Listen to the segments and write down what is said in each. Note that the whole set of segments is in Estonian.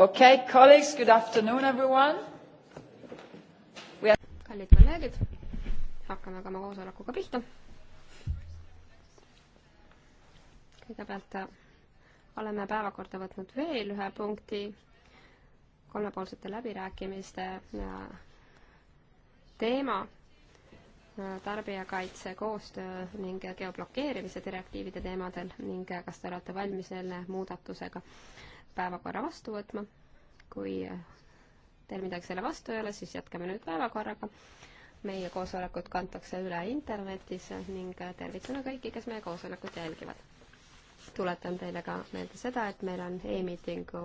Okay, colleagues, good afternoon, everyone. Are... kallid kolleegid, hakkame ka oma koosolekuga pihta. kõigepealt äh, oleme päevakorda võtnud veel ühe punkti kolmepoolsete läbirääkimiste äh, teema äh, tarbijakaitse, koostöö ning geoblokeerimise direktiivide teemadel ning kas te olete valmis selle muudatusega äh, päevakorra vastu võtma. kui teil midagi selle vastu ei ole, siis jätkame nüüd päevakorraga. meie koosolekud kantakse üle internetis ning tervitame kõiki, kes meie koosolekut jälgivad. tuletan teile ka meelde seda, et meil on e-miitingu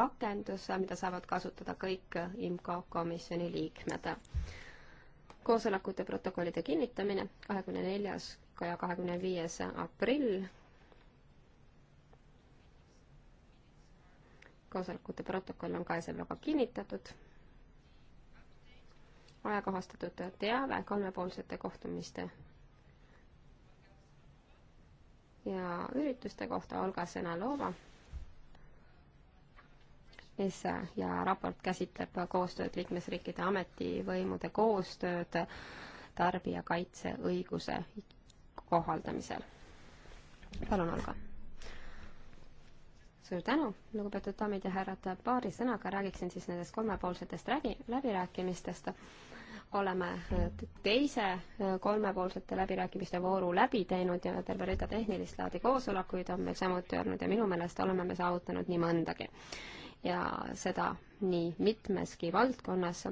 rakendus, mida saavad kasutada kõik IMCO komisjoni liikmed koosolekute protokollide kinnitamine, kahekümne neljas ja kahekümne viies aprill koosolekute protokoll on käesolevaga kinnitatud. ajakohastatud teave kolmepoolsete kohtumiste ja ürituste kohta Olga Sõnalova. ESA ja raport käsitleb koostööd liikmesriikide ametivõimude koostööd tarbijakaitse õiguse kohaldamisel. palun, Olga suur tänu, lugupeetud daamid ja härrad, paari sõnaga räägiksin siis nendest kolmepoolsetest räägi-, läbirääkimistest. oleme äh, teise äh, kolmepoolsete läbirääkimiste vooru läbi teinud ja terve rida tehnilist laadi koosolekuid on meil samuti olnud ja minu meelest oleme me saavutanud nii mõndagi. ja seda nii mitmeski valdkonnas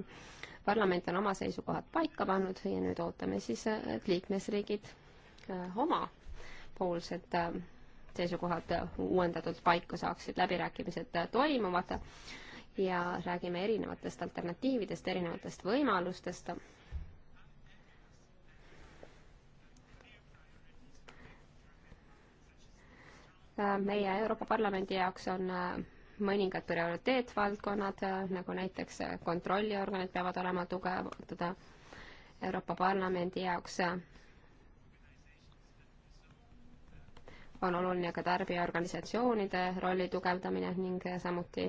parlament on oma seisukohad paika pannud ja nüüd ootame siis, äh, et liikmesriigid oma poolsed seisukohad uuendatult paika saaksid, läbirääkimised toimuvad ja räägime erinevatest alternatiividest, erinevatest võimalustest. meie Euroopa Parlamendi jaoks on mõningad prioriteetvaldkonnad, nagu näiteks kontrolliorganid peavad olema tugevdada Euroopa Parlamendi jaoks on oluline ka tarbijaorganisatsioonide rolli tugevdamine ning samuti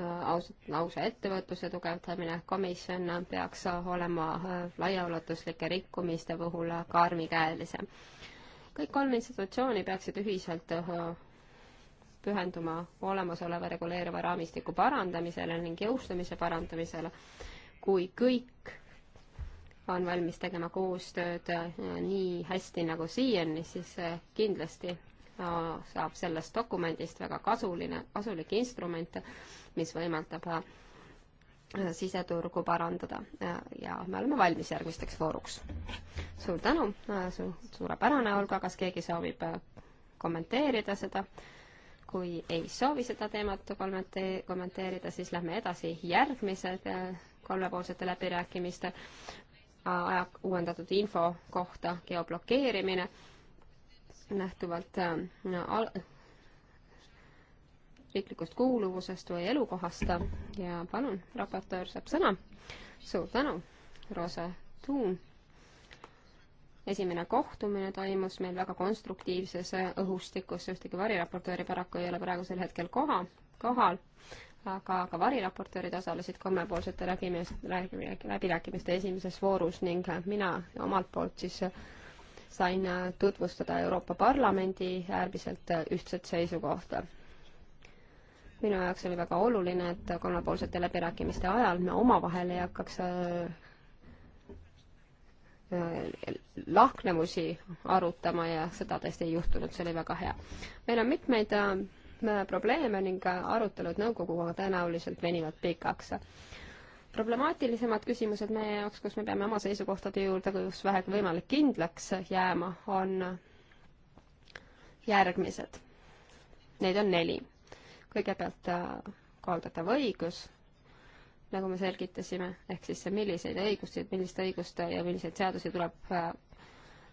äh, aus, lausa ettevõtluse tugevdamine. komisjon peaks olema äh, laiaulatuslike rikkumiste puhul karmikäelisem. kõik kolm institutsiooni peaksid ühiselt äh, pühenduma olemasoleva reguleeriva raamistiku parandamisele ning jõustamise parandamisele, kui kõik on valmis tegema koostööd äh, nii hästi nagu siiani, siis äh, kindlasti äh, saab sellest dokumendist väga kasuline, kasulik instrument, mis võimaldab siseturgu parandada ja me oleme valmis järgmisteks vooruks. suur tänu su, suurepärane, Olga, kas keegi soovib kommenteerida seda? kui ei soovi seda teemat kommentee-, kommenteerida, siis lähme edasi järgmised kolmepoolsete läbirääkimiste Äh, aja, uuendatud info kohta geoblokeerimine nähtuvalt no, äh, al-, riiklikust kuuluvusest või elukohast ja palun, raportöör saab sõna. suur tänu, Rosa Tuun. esimene kohtumine toimus meil väga konstruktiivses õhustikus, ühtegi variraportööri paraku ei ole praegusel hetkel koha, kohal aga ka variraportöörid osalesid kolmepoolsete läbirääkimiste esimeses voorus ning mina omalt poolt siis sain tutvustada Euroopa Parlamendi äärmiselt ühtset seisukohta. minu jaoks oli väga oluline, et kolmepoolsete läbirääkimiste ajal me omavahel ei hakkaks äh, lahknevusi arutama ja seda tõesti ei juhtunud, see oli väga hea. meil on mitmeid äh, probleeme ning arutelud nõukoguga tõenäoliselt venivad pikaks. problemaatilisemad küsimused meie jaoks, kus me peame oma seisukohtade juurde, kus vähegi võimalik kindlaks jääma, on järgmised. Neid on neli. kõigepealt äh, kaaldatav õigus, nagu me selgitasime, ehk siis see, milliseid õigusi, millist õigust ja milliseid seadusi tuleb äh,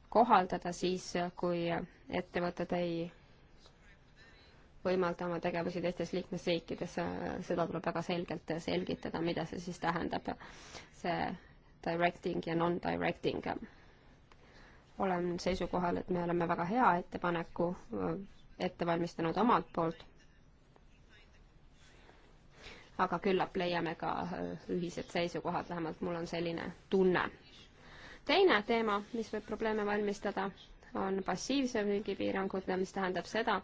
kohaldada siis, kui ettevõtted ei võimalda oma tegevusi teistes liikmesriikides, seda tuleb väga selgelt selgitada, mida see siis tähendab, see directing ja non-directing. olen seisukohal, et me oleme väga hea ettepaneku äh, ette valmistanud omalt poolt, aga küllap leiame ka äh, ühised seisukohad, vähemalt mul on selline tunne. teine teema, mis võib probleeme valmistada on passiivse müügi piirangud, mis tähendab seda,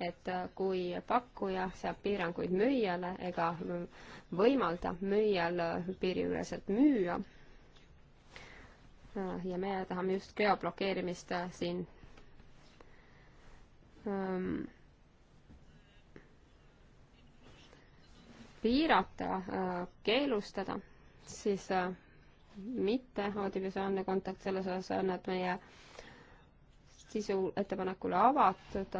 et äh, kui pakkuja seab piiranguid müüjale ega võimalda müüjal äh, piiriüleselt müüa, äh, ja meie tahame just geoblokeerimist siin ähm, piirata, keelustada, siis mitte audiovisuaalne kontakt selles osas on, et meie sisu ettepanekule avatud,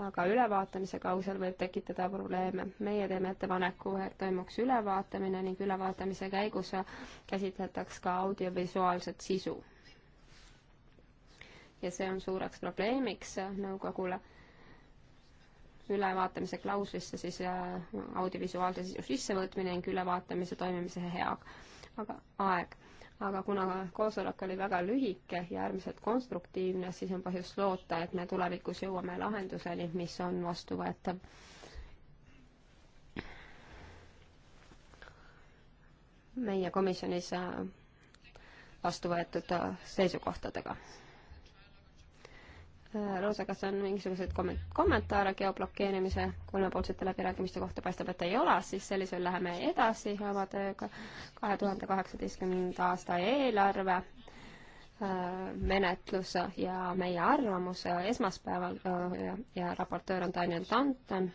aga ülevaatamise kausel võib tekitada probleeme. meie teeme ettepaneku, et toimuks ülevaatamine ning ülevaatamise käigus käsitletaks ka audiovisuaalset sisu. ja see on suureks probleemiks nõukogule. ülevaatamise klauslisse siis äh, audiovisuaalse sisu sissevõtmine ning ülevaatamise toimimise hea aga aeg aga kuna koosolek oli väga lühike ja äärmiselt konstruktiivne, siis on põhjust loota, et me tulevikus jõuame lahenduseni, mis on vastuvõetav. meie komisjonis äh, vastu võetud äh, seisukohtadega Äh, Roosa, kas on mingisuguseid komment-, kommentaare geoblokeerimise kolmepoolsete läbirääkimiste kohta, paistab, et ei ole, siis sellisel läheme edasi oma tööga. kahe tuhande kaheksateistkümnenda aasta eelarve äh, menetlus ja meie arvamus esmaspäeval äh, ja, ja raportöör on Daniel Tanton.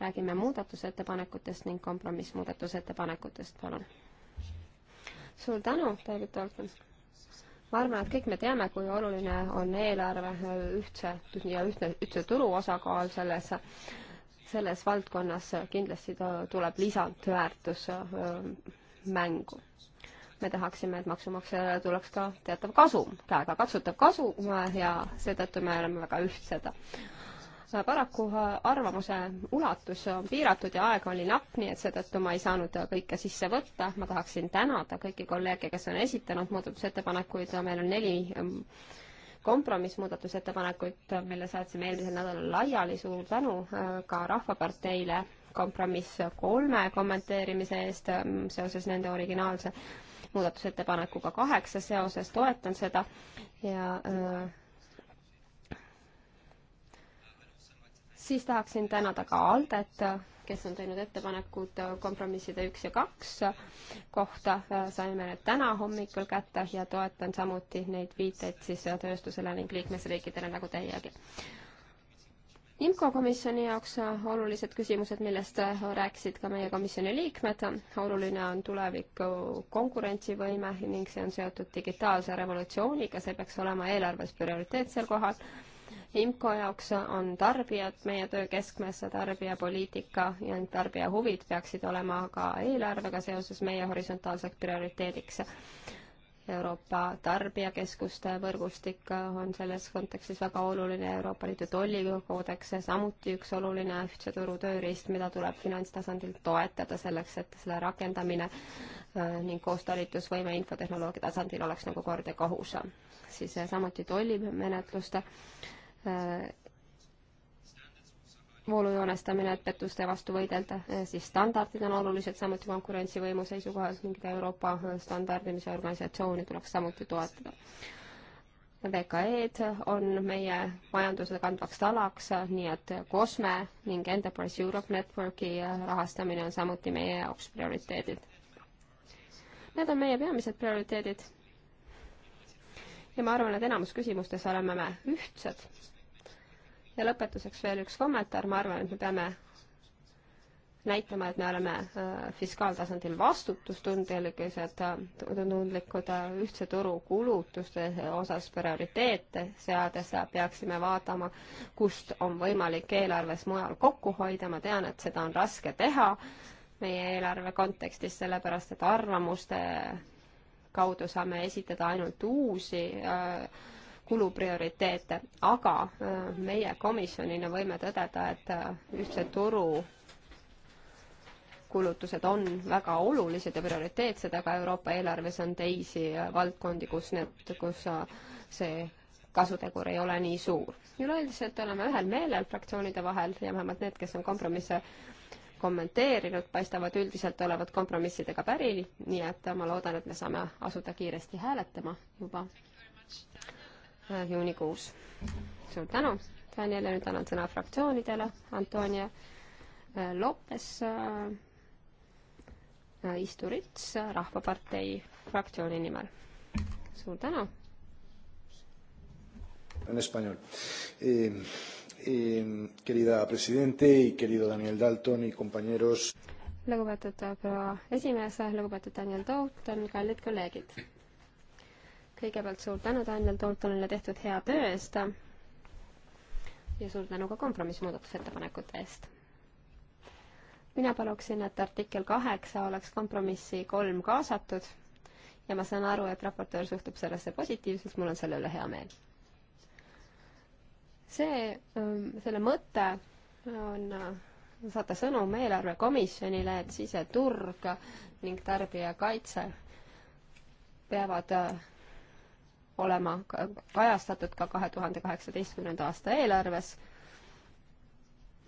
räägime muudatusettepanekutest ning kompromissmuudatusettepanekutest, palun. suur tänu, David Tolkens ma arvan, et kõik me teame, kui oluline on eelarve ühtse ja ühtne, ühtse turu osakaal selles, selles valdkonnas kindlasti tuleb lisandväärtus äh, mängu me tahaksime, et maksumaksjale tuleks ka teatav kasum, käegakatsutav kasum ja seetõttu me oleme väga ühtsed paraku äh, arvamuse ulatus on piiratud ja aega oli napp, nii et seetõttu ma ei saanud äh, kõike sisse võtta. ma tahaksin tänada kõiki kolleege, kes on esitanud muudatusettepanekuid, meil on neli ähm, kompromissmuudatusettepanekuid, äh, mille saatsime eelmisel nädalal laiali, suur tänu ka Rahvaparteile kompromiss kolme kommenteerimise eest ähm, seoses nende originaalse muudatusettepanekuga kaheksa seoses, toetan seda ja öö, siis tahaksin tänada ka Aldet, kes on teinud ettepanekud kompromisside üks ja kaks kohta, saime need täna hommikul kätte ja toetan samuti neid viiteid siis tööstusele ning liikmesriikidele nagu teiegi. IMCO komisjoni jaoks olulised küsimused, millest rääkisid ka meie komisjoni liikmed, oluline on tuleviku konkurentsivõime ning see on seotud digitaalse revolutsiooniga, see peaks olema eelarves prioriteetsel kohal IMCO jaoks on tarbijad meie töö keskmes, tarbijapoliitika ja tarbija huvid peaksid olema ka eelarvega seoses meie horisontaalseks prioriteediks. Euroopa tarbijakeskuste võrgustik on selles kontekstis väga oluline, Euroopa Liidu tollikoodeks samuti üks oluline ühtse turu tööriist, mida tuleb finantstasandil toetada selleks, et selle rakendamine äh, ning koostalitusvõime infotehnoloogia tasandil oleks nagu kord ja kohus. siis samuti tollimenetluste Äh, voolujoonestamine, et pettuste vastu võidelda, äh, siis standardid on olulised, samuti konkurentsivõimu seisukohalt mingit Euroopa äh, standardimise organisatsiooni tuleks samuti toetada. VKE-d on meie majanduse kandvaks talaks, nii et COSME ning Enterprise Europe Networki rahastamine on samuti meie jaoks prioriteedid. Need on meie peamised prioriteedid ja ma arvan, et enamus küsimustes oleme me ühtsed. ja lõpetuseks veel üks kommentaar, ma arvan, et me peame näitama, et me oleme äh, fiskaaltasandil vastutustundelised, äh, tundlikud äh, ühtse turu kulutuste osas prioriteete seades peaksime vaatama, kust on võimalik eelarves mujal kokku hoida, ma tean, et seda on raske teha meie eelarve kontekstis, sellepärast et arvamuste kaudu saame esitada ainult uusi äh, kuluprioriteete, aga äh, meie komisjonina võime tõdeda, et äh, ühtse turu kulutused on väga olulised ja prioriteetsed, aga Euroopa eelarves on teisi valdkondi, kus need, kus see kasutegur ei ole nii suur. üleüldiselt oleme ühel meelel fraktsioonide vahel ja vähemalt need, kes on kompromisse kommenteerinud, paistavad üldiselt olevat kompromissidega päri, nii et ma loodan, et me saame asuda kiiresti hääletama juba äh, juunikuus. suur tänu, Tanjale, nüüd annan sõna fraktsioonidele, Antonia äh, Lopes, äh, Isturits Rahvapartei fraktsiooni nimel. suur tänu. En español eh, eh, querida presidente y querido Daniel Dalton y compañeros. lugupeetud proua esimees, lugupeetud Daniel Dalton, kallid kolleegid. kõigepealt suur tänu Daniel Daltonile tehtud hea töö eest ja suur tänu ka kompromissmuudatusettepanekute eest. mina paluksin, et artikkel kaheksa oleks kompromissi kolm kaasatud ja ma saan aru, et raportöör suhtub sellesse positiivselt, mul on selle üle hea meel see, ähm, selle mõte on äh, saata sõnum eelarvekomisjonile, et siseturg ning tarbijakaitse peavad äh, olema kajastatud ka kahe tuhande kaheksateistkümnenda aasta eelarves.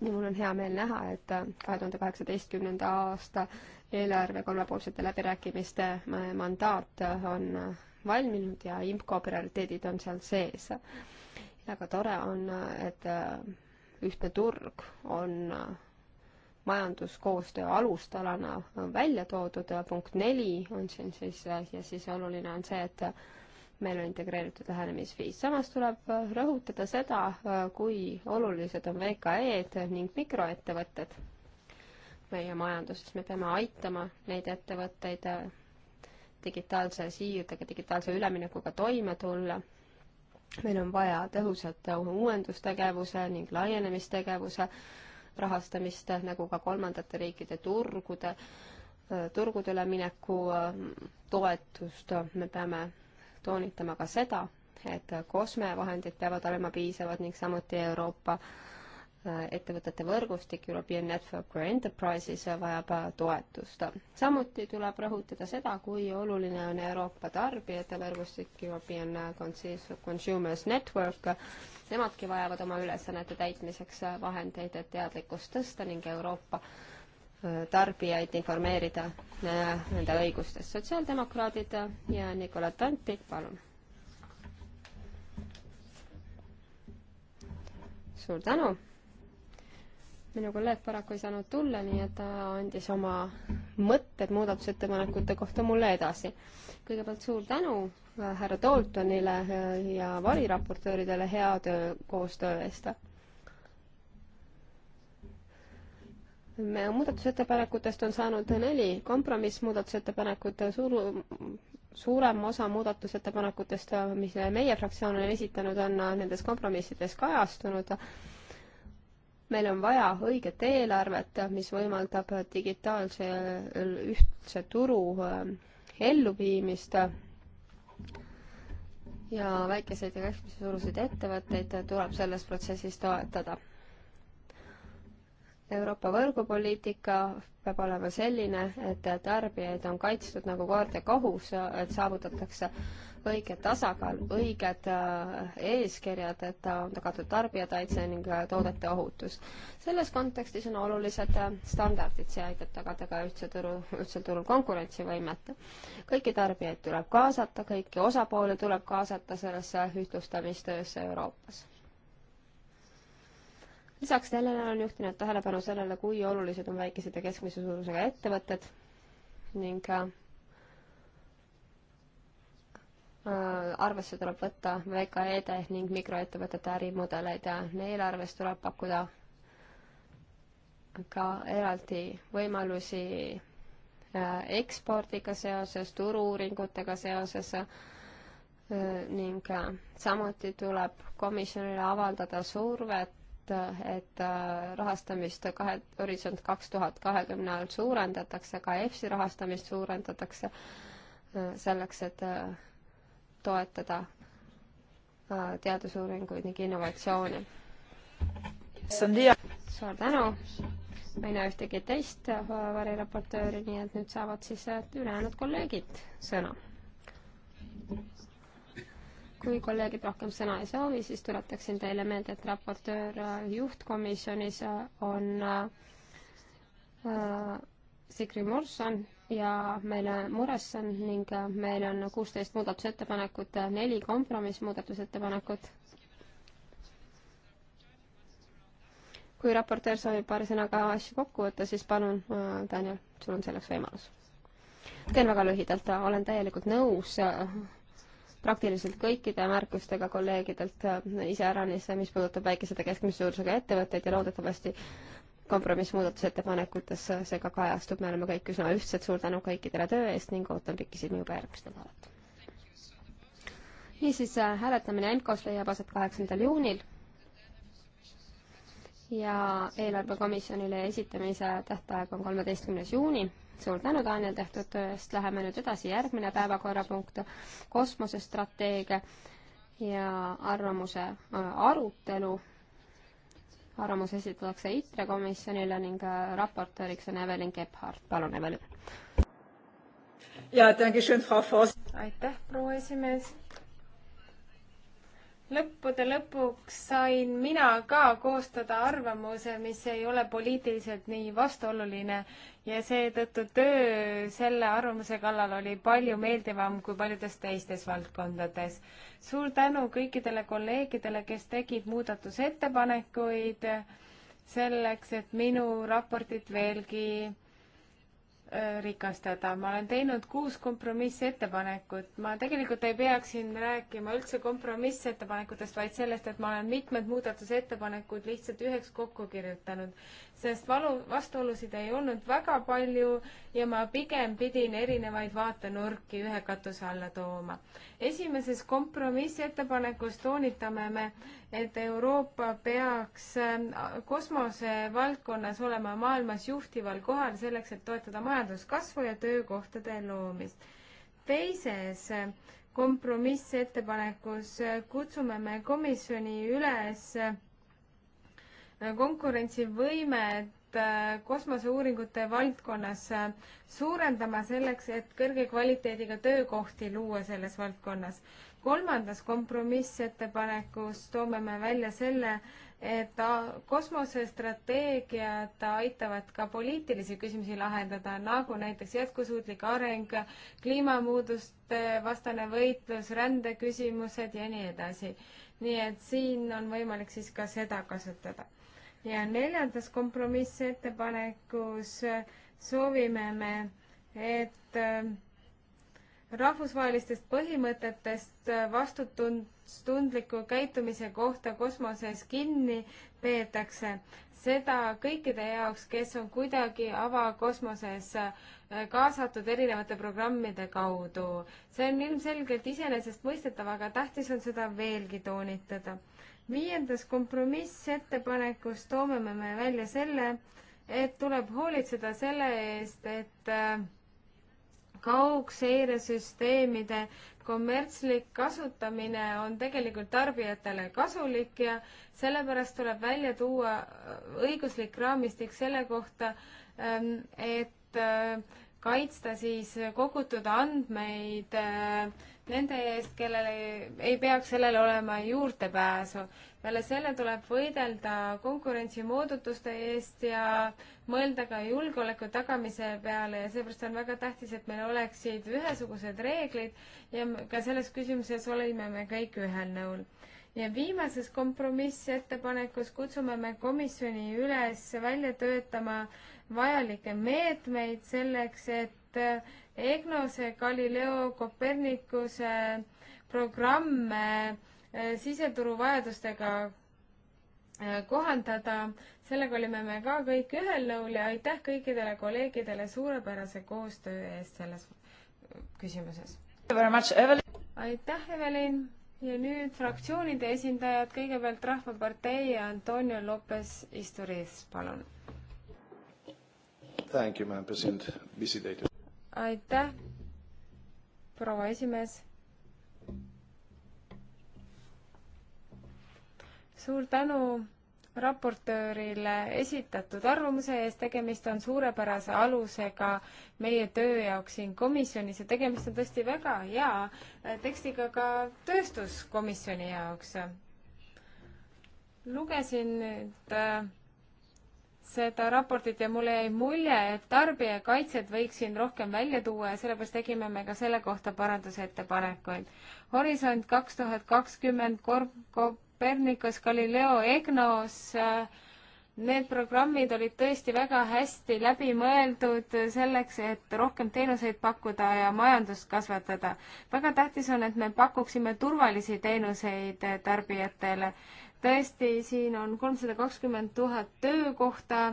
ja mul on hea meel näha, et äh, kahe tuhande kaheksateistkümnenda aasta eelarve kolmepoolsete läbirääkimiste mandaat on valminud ja IMCO prioriteedid on seal sees väga tore on, et äh, ühtne turg on äh, majanduskoostöö alustalana äh, välja toodud, punkt neli on siin siis ja siis oluline on see, et meil on integreeritud lähenemisviis. samas tuleb rõhutada seda, kui olulised on VKE-d ning mikroettevõtted meie majanduses, me peame aitama neid ettevõtteid digitaalse siirdega, digitaalse üleminekuga toime tulla meil on vaja tõhusat uuendustegevuse ning laienemistegevuse rahastamist, nagu ka kolmandate riikide turgude, turgudele mineku äh, toetust, me peame toonitama ka seda, et kosmevahendid peavad olema piisavad ning samuti Euroopa äh, ettevõtete võrgustik European Network for Enterprises vajab toetust. samuti tuleb rõhutada seda, kui oluline on Euroopa tarbijate võrgustik European Consumers Network. Nemadki vajavad oma ülesannete täitmiseks vahendeid, et teadlikkust tõsta ning Euroopa äh, tarbijaid informeerida äh, nende õigustest. sotsiaaldemokraadid ja Nikolai Tanti, palun. suur tänu minu kolleeg paraku ei saanud tulla, nii et ta andis oma mõtted muudatusettepanekute kohta mulle edasi. kõigepealt suur tänu äh, härra Daltonile äh, ja variraportööridele hea töö, koostöö eest. me muudatusettepanekutest on saanud neli kompromissmuudatusettepanekut, suur, suurem osa muudatusettepanekutest, äh, mis meie fraktsioon on esitanud, on nendes kompromissides kajastunud ka meil on vaja õiget eelarvet, mis võimaldab digitaalse ühtse turu äh, elluviimist ja väikeseid ja keskmise suuruseid ettevõtteid tuleb selles protsessis toetada. Euroopa võrgupoliitika peab olema selline, et tarbijaid on kaitstud nagu kord ja kohus, et saavutatakse õige tasakaal, õiged äh, eeskirjad, et on tagatud tarbijakaitse ning äh, toodete ohutus. selles kontekstis on olulised äh, standardid, see aitab tagada ka ühtse turu, ühtsel turul konkurentsivõimet. kõiki tarbijaid tuleb kaasata, kõiki osapooli tuleb kaasata sellesse ühtlustamistöösse Euroopas lisaks sellele on juhtinud tähelepanu sellele, kui olulised on väikesed ja keskmise suurusega ettevõtted ning Äh, arvesse tuleb võtta VKE-de ning mikroettevõtete ärimudeleid ja eelarves tuleb pakkuda ka eraldi võimalusi äh, ekspordiga seoses, turu-uuringutega seoses äh, ning samuti tuleb komisjonile avaldada survet, et rahastamist kahe, Horisont kaks tuhat kahekümne all suurendatakse, ka EFSI rahastamist suurendatakse selleks, et toetada äh, teadusuuringuid ning innovatsiooni. suur tänu! ma ei näe ühtegi teist äh, variraportööri, nii et nüüd saavad siis äh, ülejäänud kolleegid sõna. kui kolleegid rohkem sõna ei soovi, siis tuletaksin teile meelde, et raportöör juhtkomisjonis on Sigrid Morson ja meil mures on ning äh, meil on kuusteist muudatusettepanekut, äh, neli kompromissmuudatusettepanekut. kui raportöör soovib paari sõnaga asju kokku võtta, siis palun, äh, Daniel, sul on selleks võimalus. teen väga lühidalt, olen täielikult nõus praktiliselt kõikide märkustega kolleegidelt iseäranis, mis puudutab väikesed ja keskmise suurusega ettevõtteid ja loodetavasti kompromissmuudatusettepanekutes see ka kajastub, me oleme kõik üsna ühtsed, suur tänu kõikidele töö eest ning ootan pikisilmi juba järgmist nädalat. niisiis, äh, hääletamine EMKO-s leiab aset kaheksandal juunil ja eelarvekomisjonile esitamise tähtaeg on kolmeteistkümnes juuni suur tänu, Daniel, tehtud töö eest. Läheme nüüd edasi, järgmine päevakorrapunkt, kosmosestrateegia ja arvamuse äh, arutelu arvamus esitatakse ITRE komisjonile ning äh, raportööriks on Evelyn Gebhardt. palun, Evelyn. aitäh, proua esimees lõppude lõpuks sain mina ka koostada arvamuse, mis ei ole poliitiliselt nii vastuoluline ja seetõttu töö selle arvamuse kallal oli palju meeldivam kui paljudes teistes valdkondades. suur tänu kõikidele kolleegidele, kes tegid muudatusettepanekuid selleks, et minu raportit veelgi rikastada. ma olen teinud kuus kompromissettepanekut. ma tegelikult ei peaks siin rääkima üldse kompromissettepanekutest, vaid sellest, et ma olen mitmed muudatusettepanekud lihtsalt üheks kokku kirjutanud, sest valu, vastuolusid ei olnud väga palju ja ma pigem pidin erinevaid vaatenurki ühe katuse alla tooma. esimeses kompromissettepanekus toonitame me, et Euroopa peaks äh, kosmosevaldkonnas olema maailmas juhtival kohal selleks, et toetada majanduskasvu ja töökohtade loomist. teises äh, kompromissettepanekus äh, kutsume me komisjoni üles konkurentsivõimet kosmoseuuringute valdkonnas suurendama selleks, et kõrge kvaliteediga töökohti luua selles valdkonnas kolmandas kompromissettepanekus toome me välja selle, et kosmosestrateegiad aitavad ka poliitilisi küsimusi lahendada, nagu näiteks jätkusuutlik areng, kliimamuutuste vastane võitlus, rändeküsimused ja nii edasi. nii et siin on võimalik siis ka seda kasutada. ja neljandas kompromissettepanekus soovime me, et äh, rahvusvahelistest põhimõtetest vastutustundliku käitumise kohta kosmoses kinni peetakse. seda kõikide jaoks, kes on kuidagi avakosmoses äh, kaasatud erinevate programmide kaudu. see on ilmselgelt iseenesestmõistetav, aga tähtis on seda veelgi toonitada. viiendas kompromissettepanekus toome me välja selle, et tuleb hoolitseda selle eest, et äh, kaugseiresüsteemide kommertslik kasutamine on tegelikult tarbijatele kasulik ja sellepärast tuleb välja tuua äh, õiguslik raamistik selle kohta, ähm, et äh, kaitsta siis kogutud andmeid äh, nende eest, kellele ei peaks sellele olema juurdepääsu peale selle tuleb võidelda konkurentsimoodutuste eest ja mõelda ka julgeoleku tagamise peale ja seepärast on väga tähtis, et meil oleksid ühesugused reeglid ja ka selles küsimuses olime me kõik ühel nõul ja viimases kompromissettepanekus kutsume me komisjoni üles välja töötama vajalikke meetmeid selleks, et EGNOS-e, Galileo, Copernicuse programme Äh, siseturu vajadustega äh, kohandada, sellega olime me ka kõik ühel nõul ja aitäh kõikidele kolleegidele suurepärase koostöö eest selles äh, küsimuses. aitäh, Evelin! ja nüüd fraktsioonide esindajad, kõigepealt Rahvapartei ja Antonio Lopez Isturiz, palun. aitäh, proua esimees suur tänu raportöörile esitatud arvamuse eest, tegemist on suurepärase alusega meie töö jaoks siin komisjonis ja tegemist on tõesti väga hea tekstiga ka tööstuskomisjoni jaoks. lugesin nüüd äh, seda raportit ja mulle jäi mulje, et tarbijakaitset võiks siin rohkem välja tuua ja sellepärast tegime me ka selle kohta parandusettepanekuid. Horisont kaks tuhat kakskümmend korp-, korp-, Copernicus, Galileo, EGNOS, äh, need programmid olid tõesti väga hästi läbimõeldud selleks, et rohkem teenuseid pakkuda ja majandust kasvatada. väga tähtis on, et me pakuksime turvalisi teenuseid tarbijatele. tõesti, siin on kolmsada kakskümmend tuhat töökohta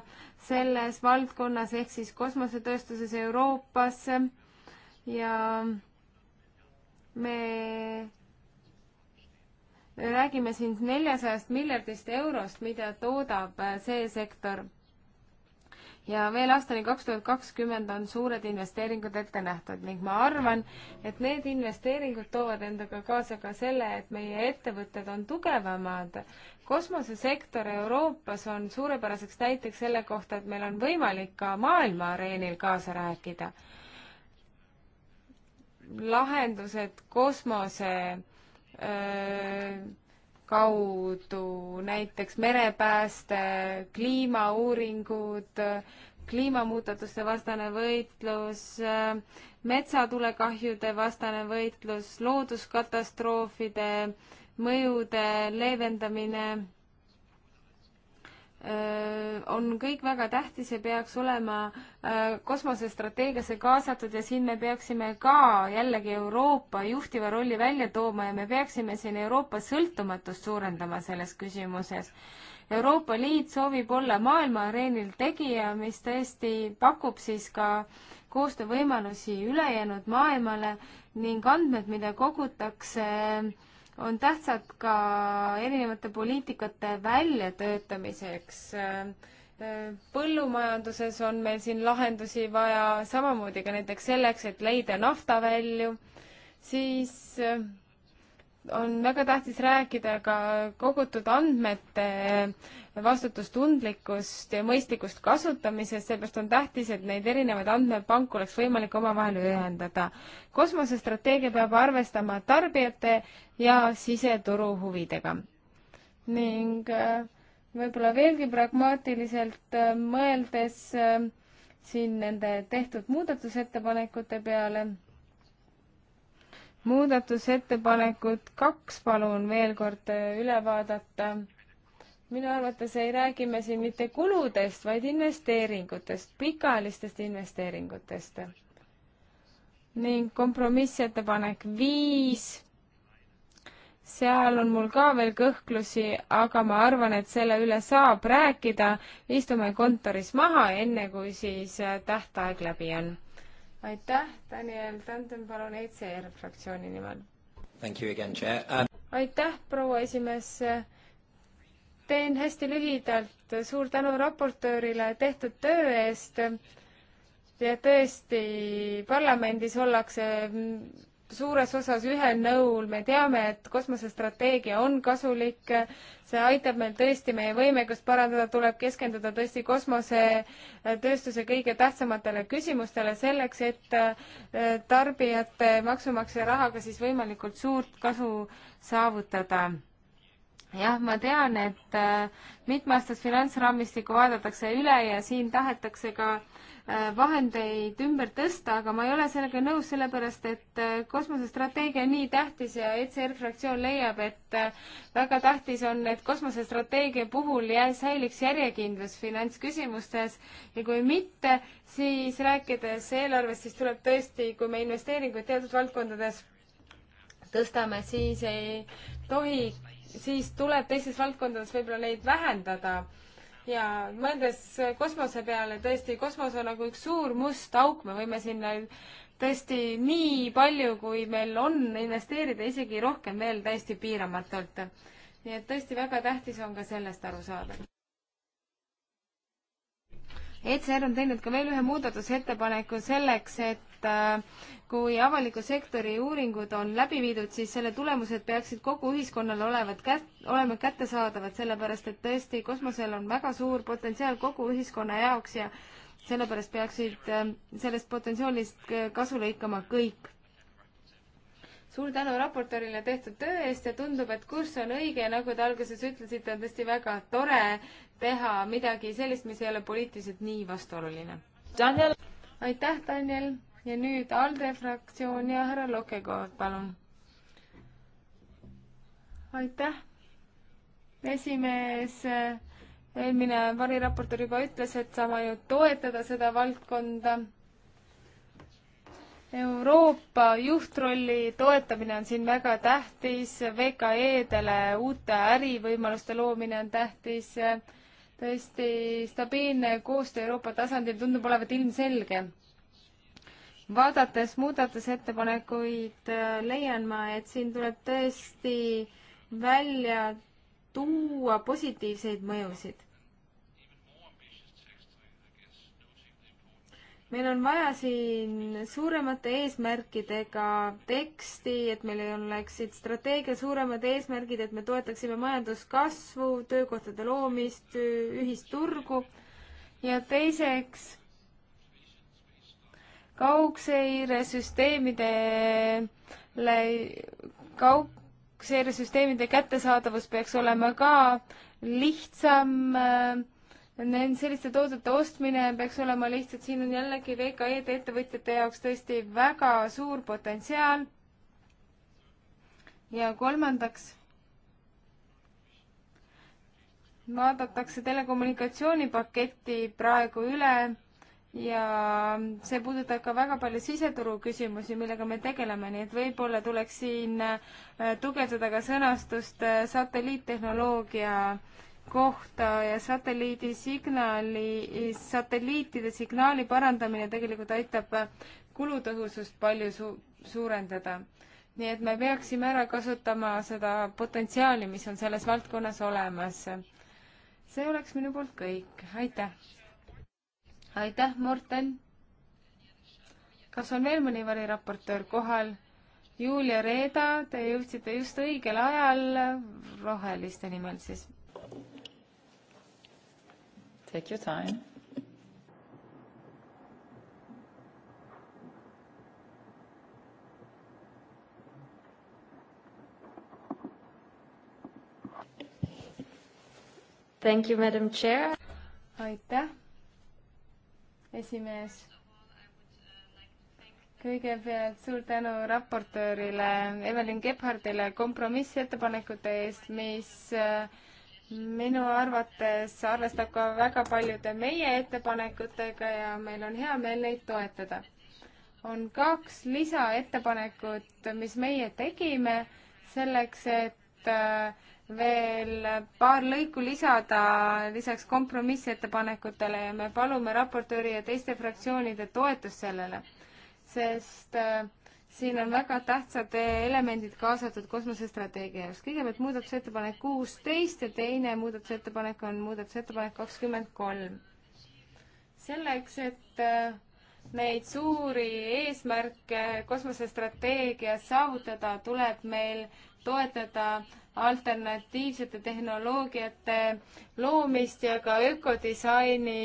selles valdkonnas ehk siis kosmosetööstuses Euroopas ja me me räägime siin neljasajast miljardist eurost, mida toodab äh, see sektor. ja veel aastani kaks tuhat kakskümmend on suured investeeringud ette nähtud ning ma arvan, et need investeeringud toovad endaga kaasa ka selle, et meie ettevõtted on tugevamad. kosmosesektor Euroopas on suurepäraseks näiteks selle kohta, et meil on võimalik ka maailma areenil kaasa rääkida. lahendused kosmose Äh, kaudu, näiteks merepääste, kliimauuringud, kliimamuutuste vastane võitlus, metsatulekahjude vastane võitlus, looduskatastroofide mõjude leevendamine Äh, on kõik väga tähtis ja peaks olema äh, kosmosestrateegiasse kaasatud ja siin me peaksime ka jällegi Euroopa juhtiva rolli välja tooma ja me peaksime siin Euroopa sõltumatust suurendama selles küsimuses. Euroopa Liit soovib olla maailma areenil tegija, mis tõesti pakub siis ka koostöövõimalusi ülejäänud maailmale ning andmed, mida kogutakse äh, on tähtsad ka erinevate poliitikate väljatöötamiseks. põllumajanduses on meil siin lahendusi vaja, samamoodi ka näiteks selleks, et leida naftavälju, siis äh, on väga tähtis rääkida ka kogutud andmete vastutustundlikkust ja mõistlikust kasutamisest, seepärast on tähtis, et neid erinevaid andmepanku oleks võimalik omavahel ühendada. kosmosestrateegia peab arvestama tarbijate ja siseturu huvidega. ning äh, võib-olla veelgi pragmaatiliselt äh, mõeldes äh, siin nende tehtud muudatusettepanekute peale, muudatusettepanekud kaks palun veel kord üle vaadata minu arvates ei räägi me siin mitte kuludest, vaid investeeringutest, pikaajalistest investeeringutest. ning kompromissettepanek viis, seal on mul ka veel kõhklusi, aga ma arvan, et selle üle saab rääkida, istume kontoris maha, enne kui siis äh, tähtaeg läbi on. aitäh, Daniel Tanten, palun ECR fraktsiooni nimel. Um... aitäh, proua esimees teen hästi lühidalt, suur tänu raportöörile tehtud töö eest ja tõesti, parlamendis ollakse suures osas ühel nõul, me teame, et kosmosestrateegia on kasulik, see aitab meil tõesti meie võimekust parandada, tuleb keskenduda tõesti kosmosetööstuse kõige tähtsamatele küsimustele selleks, et eh, tarbijate maksumaksja rahaga siis võimalikult suurt kasu saavutada jah, ma tean, et äh, mitmeaastast finantsraamistikku vaadatakse üle ja siin tahetakse ka äh, vahendeid ümber tõsta, aga ma ei ole sellega nõus, sellepärast et äh, kosmosestrateegia on nii tähtis ja ECR fraktsioon leiab, et väga tähtis on, et kosmosestrateegia puhul jää, säiliks järjekindlus finantsküsimustes ja kui mitte, siis rääkides eelarvest, siis tuleb tõesti, kui me investeeringuid teatud valdkondades tõstame, siis ei tohi siis tuleb teistes valdkondades võib-olla neid vähendada ja mõeldes kosmose peale, tõesti, kosmos on nagu üks suur must auk, me võime sinna tõesti nii palju, kui meil on, investeerida isegi rohkem veel täiesti piiramatult. nii et tõesti väga tähtis on ka sellest aru saada. ECR on teinud ka veel ühe muudatusettepaneku selleks, et äh, kui avaliku sektori uuringud on läbi viidud, siis selle tulemused peaksid kogu ühiskonnale olevat kät-, olema kättesaadavad, sellepärast et tõesti, kosmosel on väga suur potentsiaal kogu ühiskonna jaoks ja sellepärast peaksid ähm, sellest potentsiaalist kasu lõikama kõik. suur tänu raportöörile tehtud töö eest ja tundub, et kurss on õige ja nagu te alguses ütlesite, on tõesti väga tore teha midagi sellist, mis ei ole poliitiliselt nii vastuoluline. aitäh, Daniel! ja nüüd ALDE fraktsioon ja härra Lokekood, palun. aitäh, esimees. Eh, eelmine variraportor juba ütles, et saame ju toetada seda valdkonda. Euroopa juhtrolli toetamine on siin väga tähtis, VKE-dele uute ärivõimaluste loomine on tähtis. tõesti, stabiilne koostöö Euroopa tasandil tundub olevat ilmselge vaadates muudatusettepanekuid äh, leian ma, et siin tuleb tõesti välja tuua positiivseid mõjusid. meil on vaja siin suuremate eesmärkidega teksti, et meil oleksid strateegia suuremad eesmärgid, et me toetaksime majanduskasvu, töökohtade loomist, ühisturgu ja teiseks kaugseiresüsteemidele, kaugseiresüsteemide kättesaadavus peaks olema ka lihtsam äh, Nend-, selliste toodete ostmine peaks olema lihtsalt, siin on jällegi VKE-de ettevõtjate jaoks tõesti väga suur potentsiaal. ja kolmandaks vaadatakse telekommunikatsioonipaketti praegu üle ja see puudutab ka väga palju siseturu küsimusi, millega me tegeleme, nii et võib-olla tuleks siin äh, tugevdada ka sõnastust äh, satelliittehnoloogia kohta ja satelliidi signaali, satelliitide signaali parandamine tegelikult aitab äh, kulutõhusust palju su-, suurendada. nii et me peaksime ära kasutama seda potentsiaali, mis on selles valdkonnas olemas. see oleks minu poolt kõik, aitäh! aitäh, Morten. kas on veel mõni variraportöör kohal? Julia Reeda, te jõudsite just õigel ajal roheliste nimel siis. Take your time. Thank you, Madam Chair. aitäh esimees. kõigepealt suur tänu raportöörile Evelyn Gebhardile kompromissettepanekute eest, mis äh, minu arvates arvestab ka väga paljude meie ettepanekutega ja meil on hea meel neid toetada. on kaks lisaettepanekut, mis meie tegime selleks, et äh, veel paar lõiku lisada lisaks kompromissettepanekutele ja me palume raportööri ja teiste fraktsioonide toetust sellele, sest äh, siin on väga tähtsad elemendid kaasatud kosmosestrateegia jaoks. kõigepealt muudatusettepanek kuusteist ja teine muudatusettepanek on muudatusettepanek kakskümmend kolm. selleks, et äh, neid suuri eesmärke kosmosestrateegias saavutada, tuleb meil toetada alternatiivsete tehnoloogiate loomist ja ka ökodisaini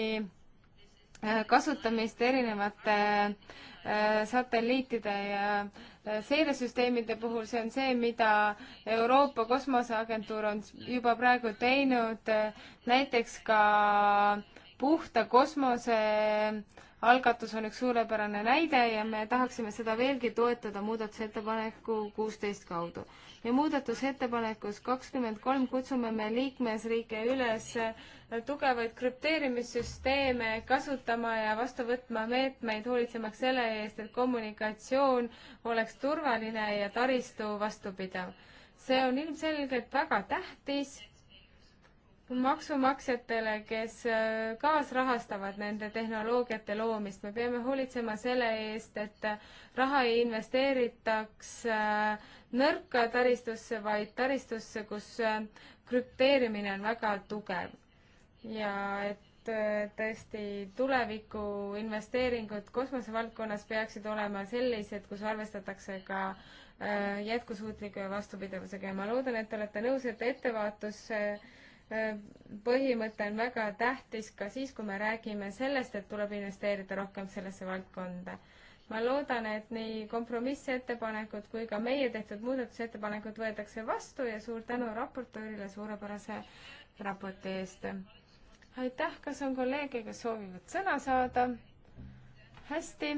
äh, kasutamist erinevate äh, satelliitide ja äh, seiresüsteemide puhul, see on see, mida Euroopa Kosmoseagentuur on juba praegu teinud, näiteks ka puhta kosmose algatus on üks suurepärane näide ja me tahaksime seda veelgi toetada muudatusettepaneku kuusteist kaudu. ja muudatusettepanekus kakskümmend kolm kutsume me liikmesriike üles äh, tugevaid krüpteerimissüsteeme kasutama ja vastu võtma meetmeid, hoolitsemaks selle eest, et kommunikatsioon oleks turvaline ja taristu vastupidav. see on ilmselgelt väga tähtis maksumaksjatele, kes äh, kaasrahastavad nende tehnoloogiate loomist. me peame hoolitsema selle eest, et äh, raha ei investeeritaks äh, nõrka taristusse, vaid taristusse, kus krüpteerimine on väga tugev. ja et tõesti tuleviku investeeringud kosmosevaldkonnas peaksid olema sellised, kus arvestatakse ka jätkusuutliku ja vastupidavusega ja ma loodan, et te olete nõus, et ettevaatus äh, põhimõte on väga tähtis ka siis, kui me räägime sellest, et tuleb investeerida rohkem sellesse valdkonda. ma loodan, et nii kompromissettepanekud kui ka meie tehtud muudatusettepanekud võetakse vastu ja suur tänu raportöörile suurepärase raporti eest. aitäh, kas on kolleege, kes soovivad sõna saada? hästi,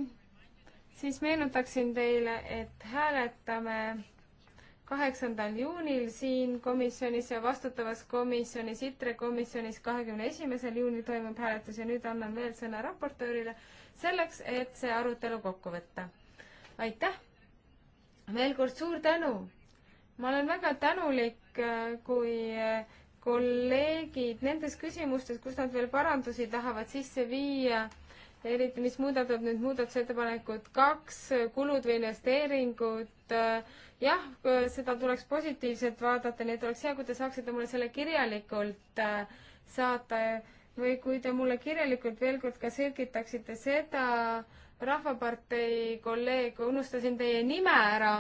siis meenutaksin teile, et hääletame kaheksandal juunil siin komisjonis ja vastutavas komisjonis, ITRE komisjonis kahekümne esimesel juunil toimub hääletus ja nüüd annan veel sõna raportöörile selleks, et see arutelu kokku võtta. aitäh! veel kord suur tänu! ma olen väga tänulik, äh, kui äh, kolleegid nendes küsimustes, kus nad veel parandusi tahavad sisse viia, eriti mis muudatab nüüd muudatusettepanekut kaks, kulud või investeeringud, jah, seda tuleks positiivselt vaadata, nii et oleks hea, kui te saaksite mulle selle kirjalikult äh, saata või kui te mulle kirjalikult veel kord ka selgitaksite seda, Rahvapartei kolleeg, unustasin teie nime ära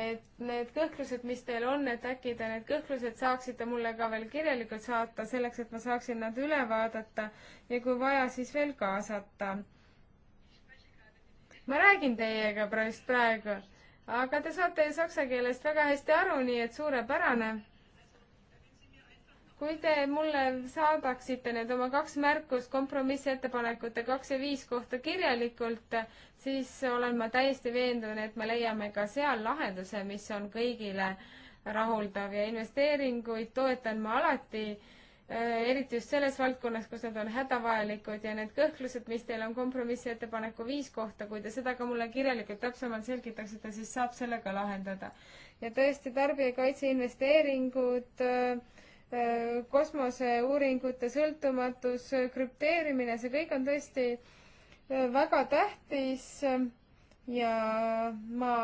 et need kõhklused, mis teil on, et äkki te need kõhklused saaksite mulle ka veel kirjalikult saata, selleks et ma saaksin nad üle vaadata ja kui vaja, siis veel kaasata. ma räägin teiega praegu, aga te saate saksa keelest väga hästi aru, nii et suurepärane kui te mulle saadaksite need oma kaks märkust kompromissettepanekute kaks ja viis kohta kirjalikult, siis olen ma täiesti veendunud, et me leiame ka seal lahenduse, mis on kõigile rahuldav ja investeeringuid toetan ma alati äh, eriti just selles valdkonnas, kus nad on hädavajalikud ja need kõhklused, mis teil on kompromissettepaneku viis kohta, kui te seda ka mulle kirjalikult täpsemalt selgitaksite, siis saab selle ka lahendada. ja tõesti, tarbijakaitse investeeringud äh, kosmoseuuringute sõltumatus, krüpteerimine, see kõik on tõesti äh, väga tähtis ja ma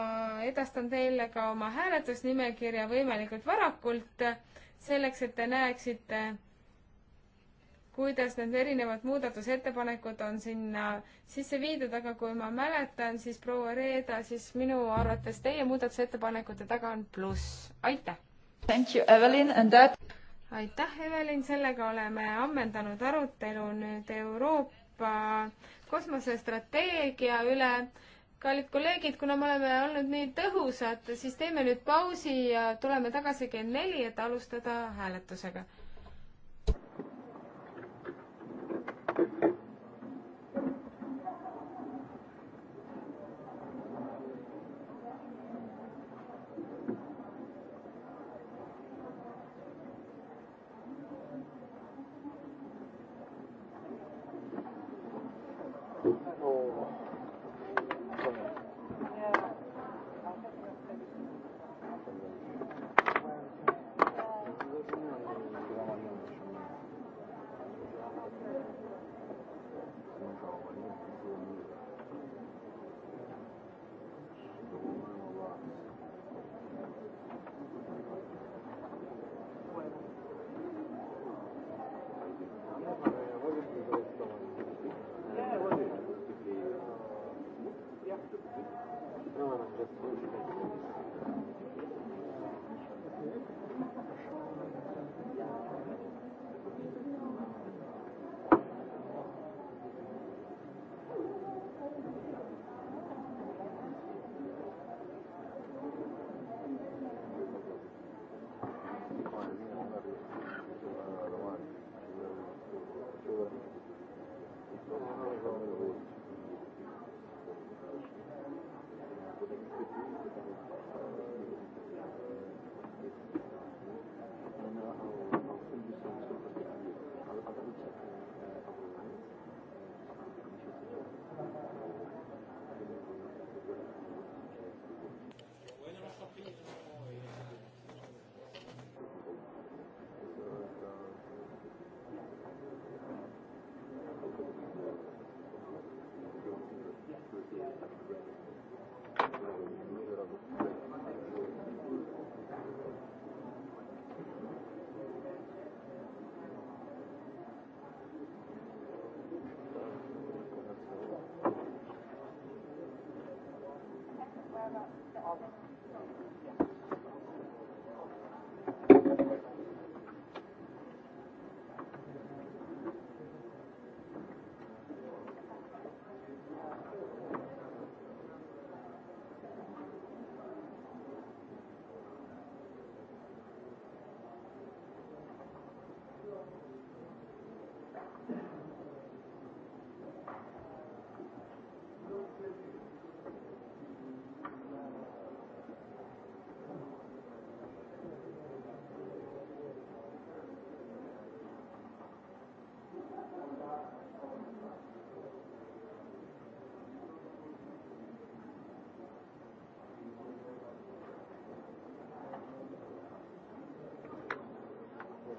edastan teile ka oma hääletusnimekirja võimalikult varakult, selleks et te näeksite, kuidas need erinevad muudatusettepanekud on sinna sisse viidud, aga kui ma mäletan, siis proua Reeda, siis minu arvates teie muudatusettepanekute taga on pluss. aitäh! Thank you, Evelyn, and that aitäh, Evelin, sellega oleme ammendanud arutelu nüüd Euroopa kosmosestrateegia üle. kallid kolleegid, kuna me oleme olnud nii tõhusad, siis teeme nüüd pausi ja tuleme tagasi kell neli, et alustada hääletusega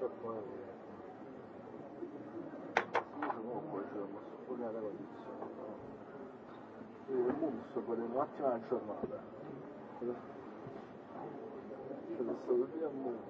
posso fare un attimo la giornata. Ce l'ho stato via a mondo.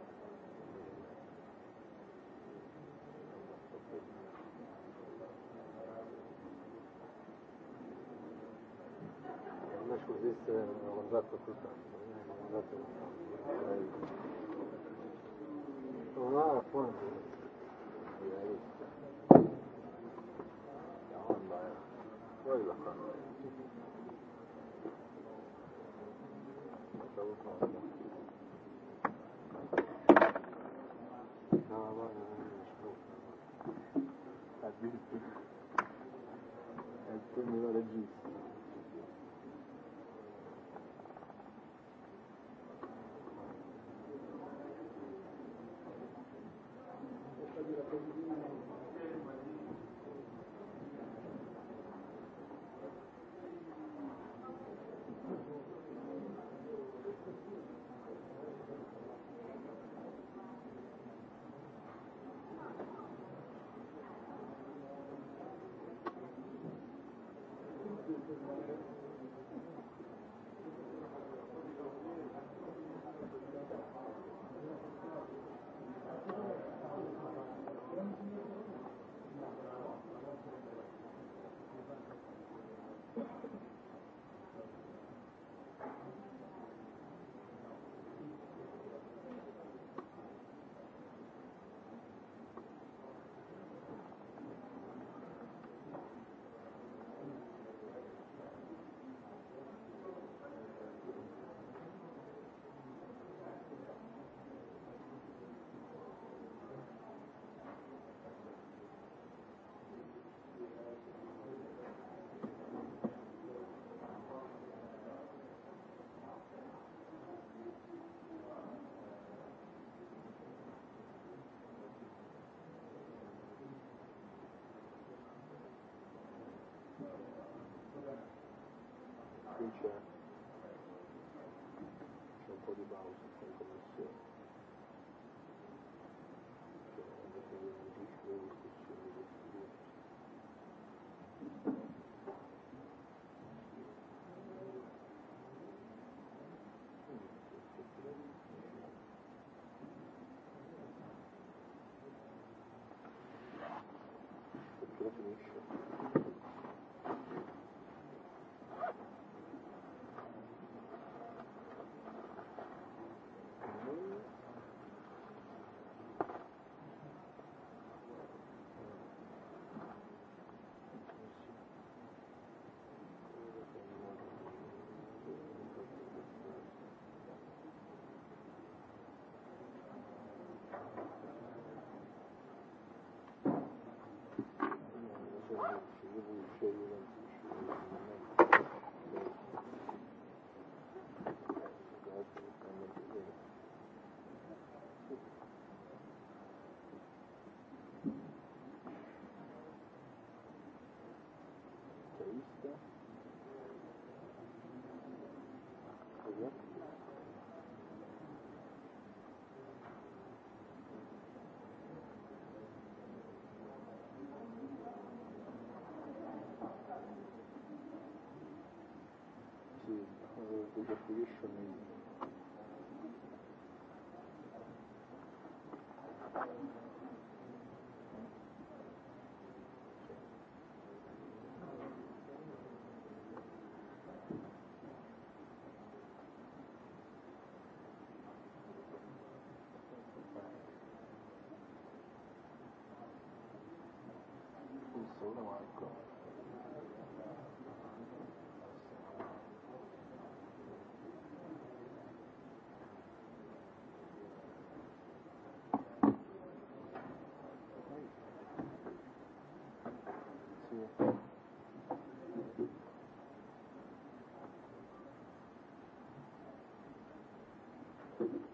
поддержку здесь организация труда. Она фонд. Thank you. c'è, c'è un po' di pausa in commissione. C'è un disco in discussione di studio. Thank you. Yeah. Barcelona Marco. Thank you.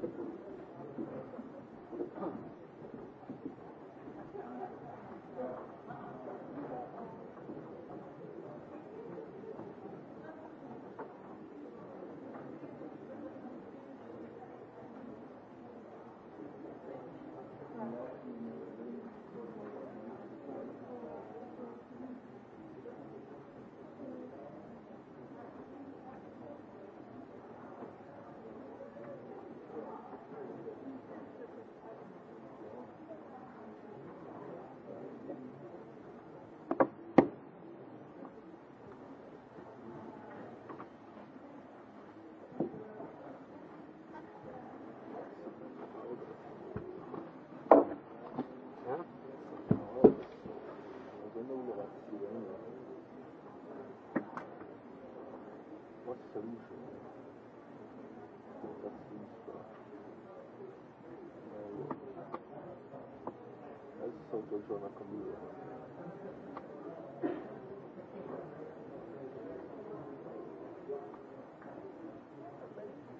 Thank you. Parigi. Adesso che c'è una comune. Thank you.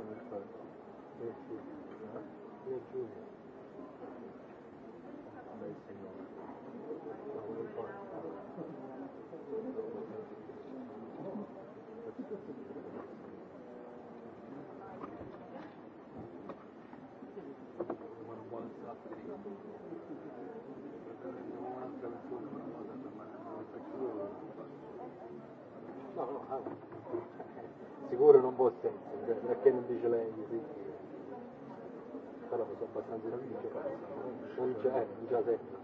John Richard, Dave Junior, yeah? Dave Junior. Amazing. John Richard. Thank you. senso, cioè, perché non dice lei di sentire? Però mi sono abbastanza rapido, non c'è, non c'è sempre.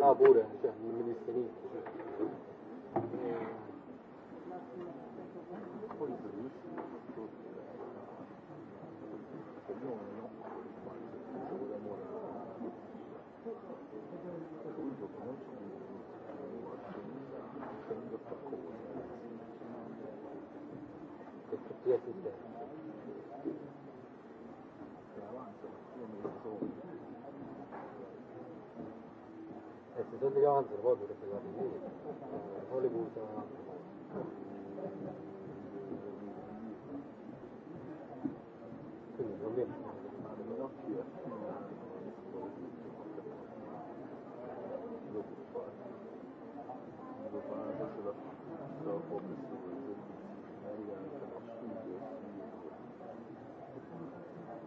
Ah pure, cioè, non mi disse niente. Jaanson Hollywoodissa ka Hollywood ja küll on veel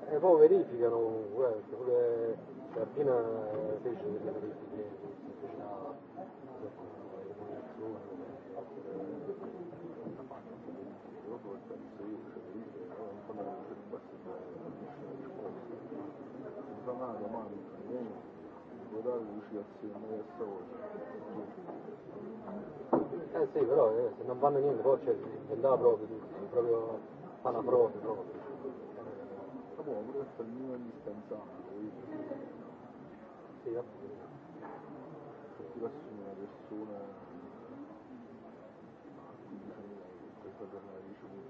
e poi verificano guarda, pure Sardina eh, fece delle verifiche Eh sì, però eh, se non vanno niente poi c'è il proprio di tutti, proprio fanno a prove proprio. Eh, ma buono, questo è il mio indispensabile. Sì, appunto prossima persona qualcosa da ricevuto.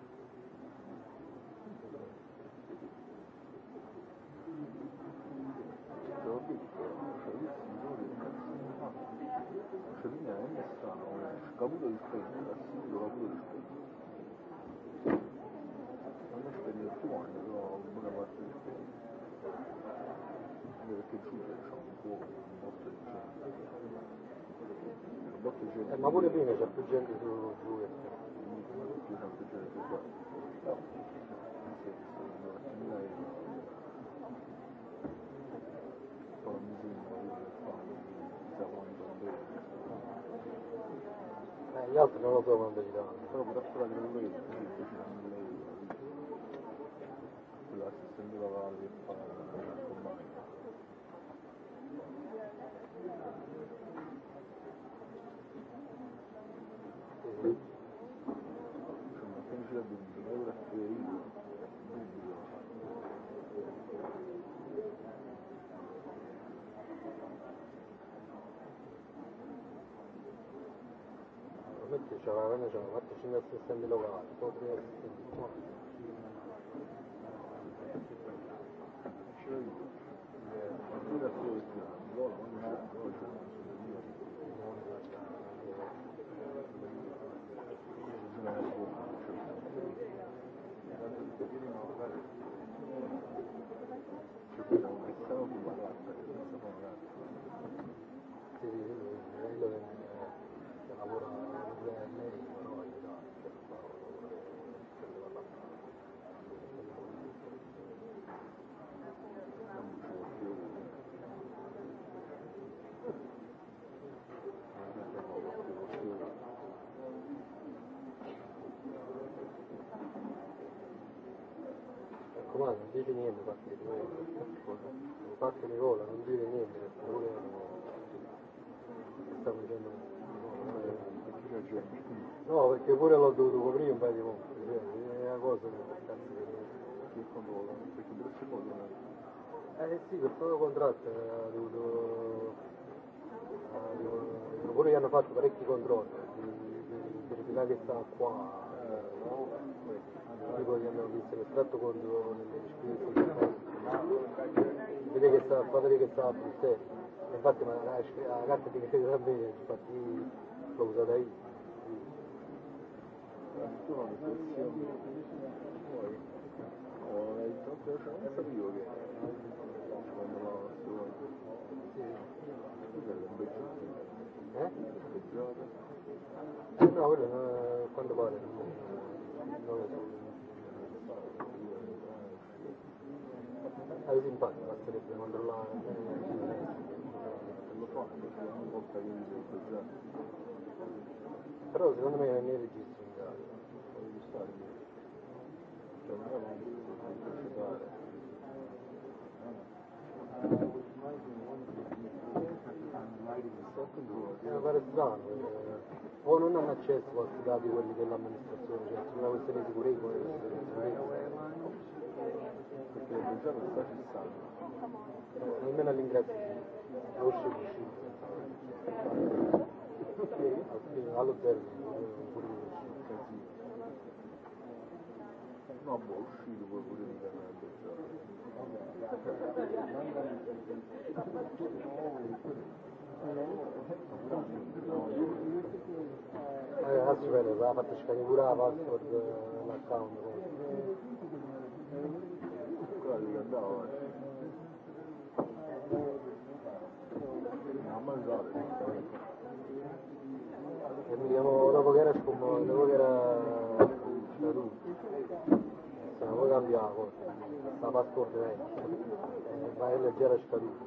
L'ho visto, cioè il signore cazzo mi fa. Cioè mi è strano, ho caputo il freddo, cazzo, ho caputo il freddo. Non è per il tuo anno, però buona parte del freddo. Anche perché giù c'è un cuore, un mostro di gente botti giù. Eh, ma pure prima c'è più gente su giù che più tanto c'è più qua. No. Eh, gli altri non lo so quando ci danno. Però pure a quella che non lo vedo, quella si sentiva la valle che fa la combattimento. bueno, yo me vato, si me ofrecen mi lugar, todo bien, sin discusión. Sure. No, perché pure l'ho dovuto coprire un paio di volte, cioè, è una cosa che cazzo che controlla, perché per il modo Eh sì, per proprio contratto eh, ha dovuto, ha, pure gli hanno fatto parecchi controlli, verificare eh, che stava qua, eh, no? tipo gli hanno visto l'estratto contro le scritte, vedere che stava, fa vedere che stava a Bruxelles, infatti ma la, la carta di credito a me, infatti l'ho usata io sono le questioni poi ho la interpretazione non sapevo che quando la sua scusa è un peggiore eh? peggiore no ora no, quando pare non lo so ad impatto basterebbe controllare lo fa perché una volta che mi sono peggiore però secondo me nei registri O non hanno accesso a questi dati quelli dell'amministrazione, cioè sulla questione di sicurezza, quella questione di sicurezza. Perché il giorno sta fissando. Nemmeno all'ingresso, a uscire di uscire. Allo zero, pure No, ma uscito poi pure di canale. Eh, anzi, bene, la parte scaricare pure la password l'account. Quello che andava, eh. Terminiamo dopo che era scomodo, dopo che era caduto ho cambiato, la passport lei, ma è leggera scaduta.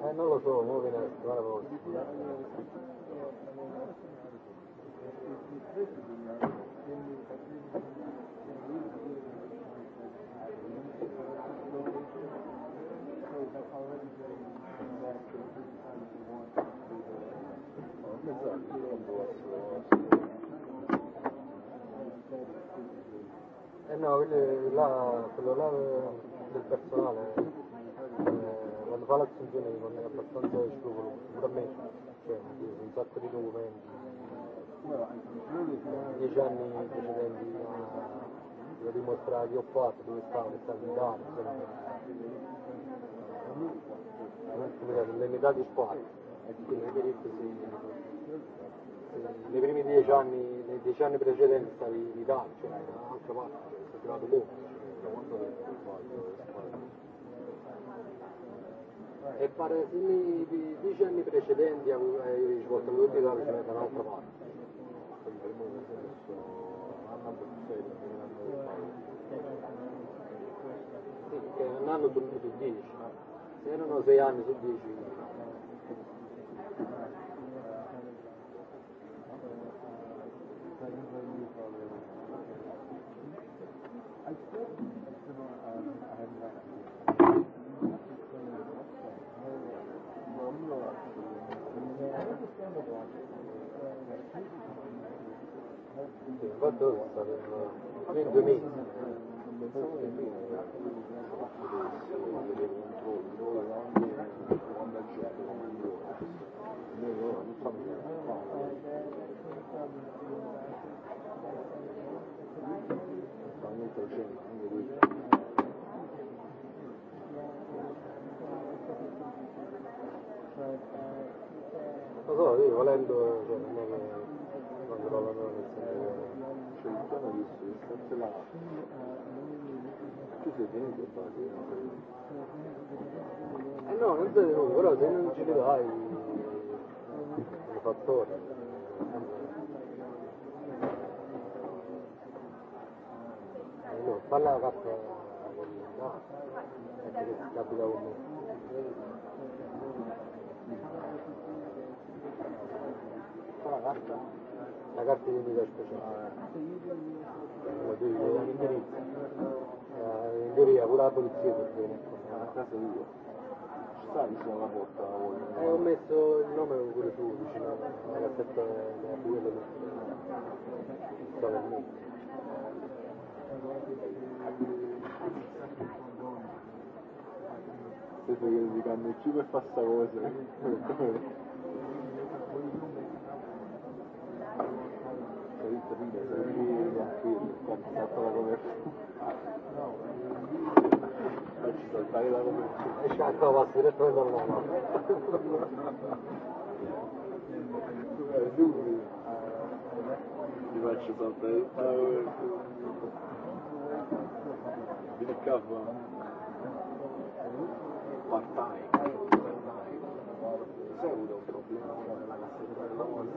Eh, non lo so, muovi la settimana prossima. Thank you. Eh no, quindi là, quello là del personale, eh, quando fa l'accensione rimane abbastanza scrupolo, pure a me, cioè, un sacco di documenti, dieci anni precedenti a, eh, a dimostrare che ho fatto, dove stavo, che stavo in Italia, insomma, l'unità di squadra, quindi vedete se nei primi dieci anni, nei dieci anni precedenti stavi in Italia, cioè da un'altra parte, sei arrivato dopo, cioè quanto tempo sbaglio? E pare se nei dieci anni precedenti hai svolto tutti i dati da un'altra parte. Quindi per me adesso anno per serio, per un anno del paese. Sì, perché un anno su dieci, se erano sei anni su dieci. 22, ça venne une demi. Lo so, io volendo, cioè, non è che controllo, non è che Amerikană este sensibilă. Câte vende pare? No, non te devo, però se non ci vedrai un fattore. No, parla la cazzo con no, capita con me. Parla la cazzo. La carta di Budapest. L'indirizzo. L'Ungheria pure la polizia per bene. A casa tua. Ci sta vicino alla porta la voglia. Eh, ho messo il nome pure tu vicino alla cassetta della buia della stava lì. Sento che si canno giù per fare sta cosa rivista quindi se vedi anche io quanto fatto la copertina non ci sono fare la copertina e ci altro va direttamente alla mano ti faccio saltare vieni a capo part time sei avuto un problema con la cassetta della moglie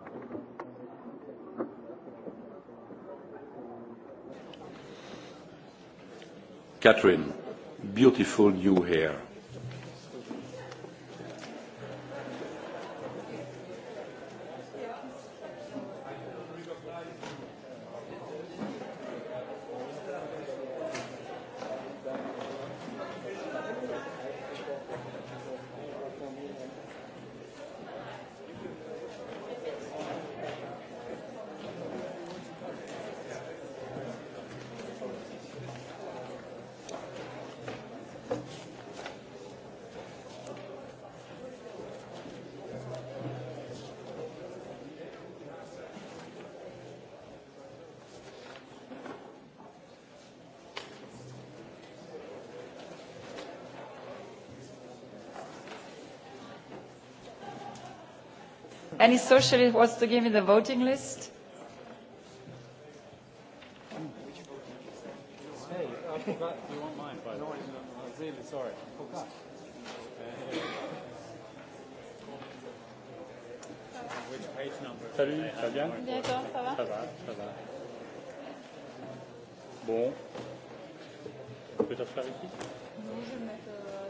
Catherine, beautiful you hair. Any socialist wants to give me the voting list? Hey, I forgot. You won't mind, by the way. I'm really sorry. I forgot. Which page number? Salut, ça va bien Bien, toi, ça va Ça va, ça va. Bon. Tu peux t'asseoir ici Non, je vais me mettre... Euh...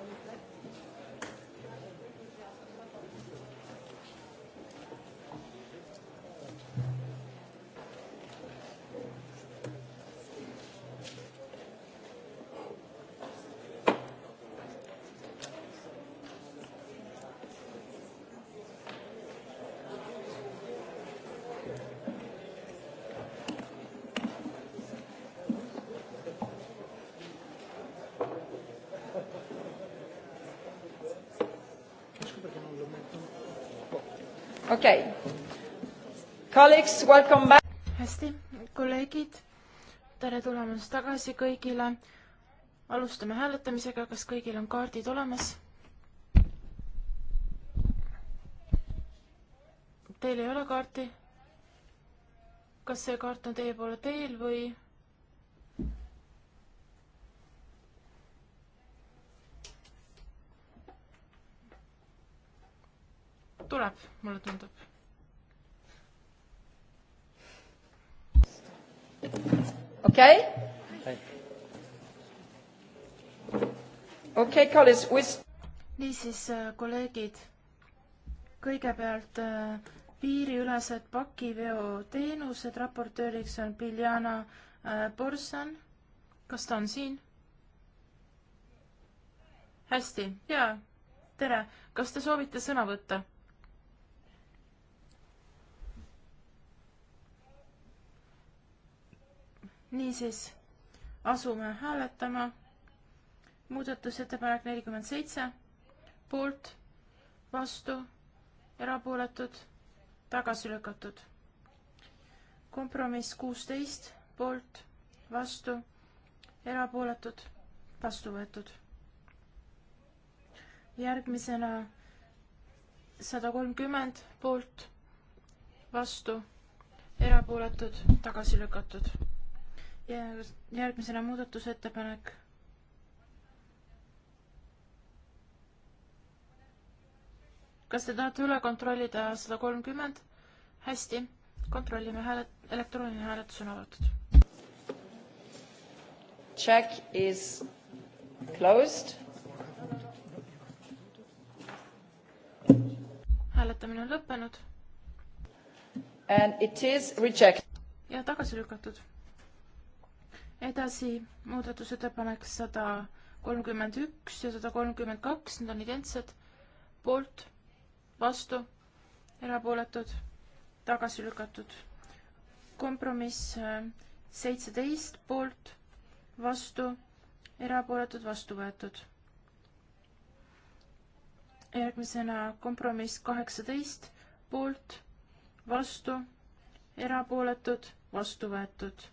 okei okay.. Colleagues, welcome back. hästi, kolleegid, tere tulemast tagasi kõigile. alustame hääletamisega, kas kõigil on kaardid olemas? Teil ei ole kaarti? kas see kaart on teie poole teel või? võetud, mulle tundub. okei okay.? okei okay,, Kallis, with niisiis, äh, kolleegid, kõigepealt äh, piiriülesed pakiveoteenused, raportööriks on Biljana äh, Borsan. kas ta on siin? hästi, jaa, tere. kas te soovite sõna võtta? niisiis, asume hääletama. muudatusettepanek nelikümmend seitse, poolt, vastu, erapooletud, tagasi lükatud. kompromiss kuusteist, poolt, vastu, erapooletud, vastu võetud. järgmisena sada kolmkümmend poolt, vastu, erapooletud, tagasi lükatud järgmisena muudatusettepanek. kas te tahate üle kontrollida sada kolmkümmend? hästi, kontrollime hääle, elektrooniline hääletus on avatud. Check is closed. hääletamine on lõppenud. And it is rejected. ja tagasi lükatud edasi muudatusettepanek sada kolmkümmend üks ja sada kolmkümmend kaks, need on identsed, poolt, vastu, erapooletud, tagasi lükatud. kompromiss äh, seitseteist, poolt, vastu, erapooletud, vastu võetud. järgmisena kompromiss kaheksateist, poolt, vastu, erapooletud, vastu võetud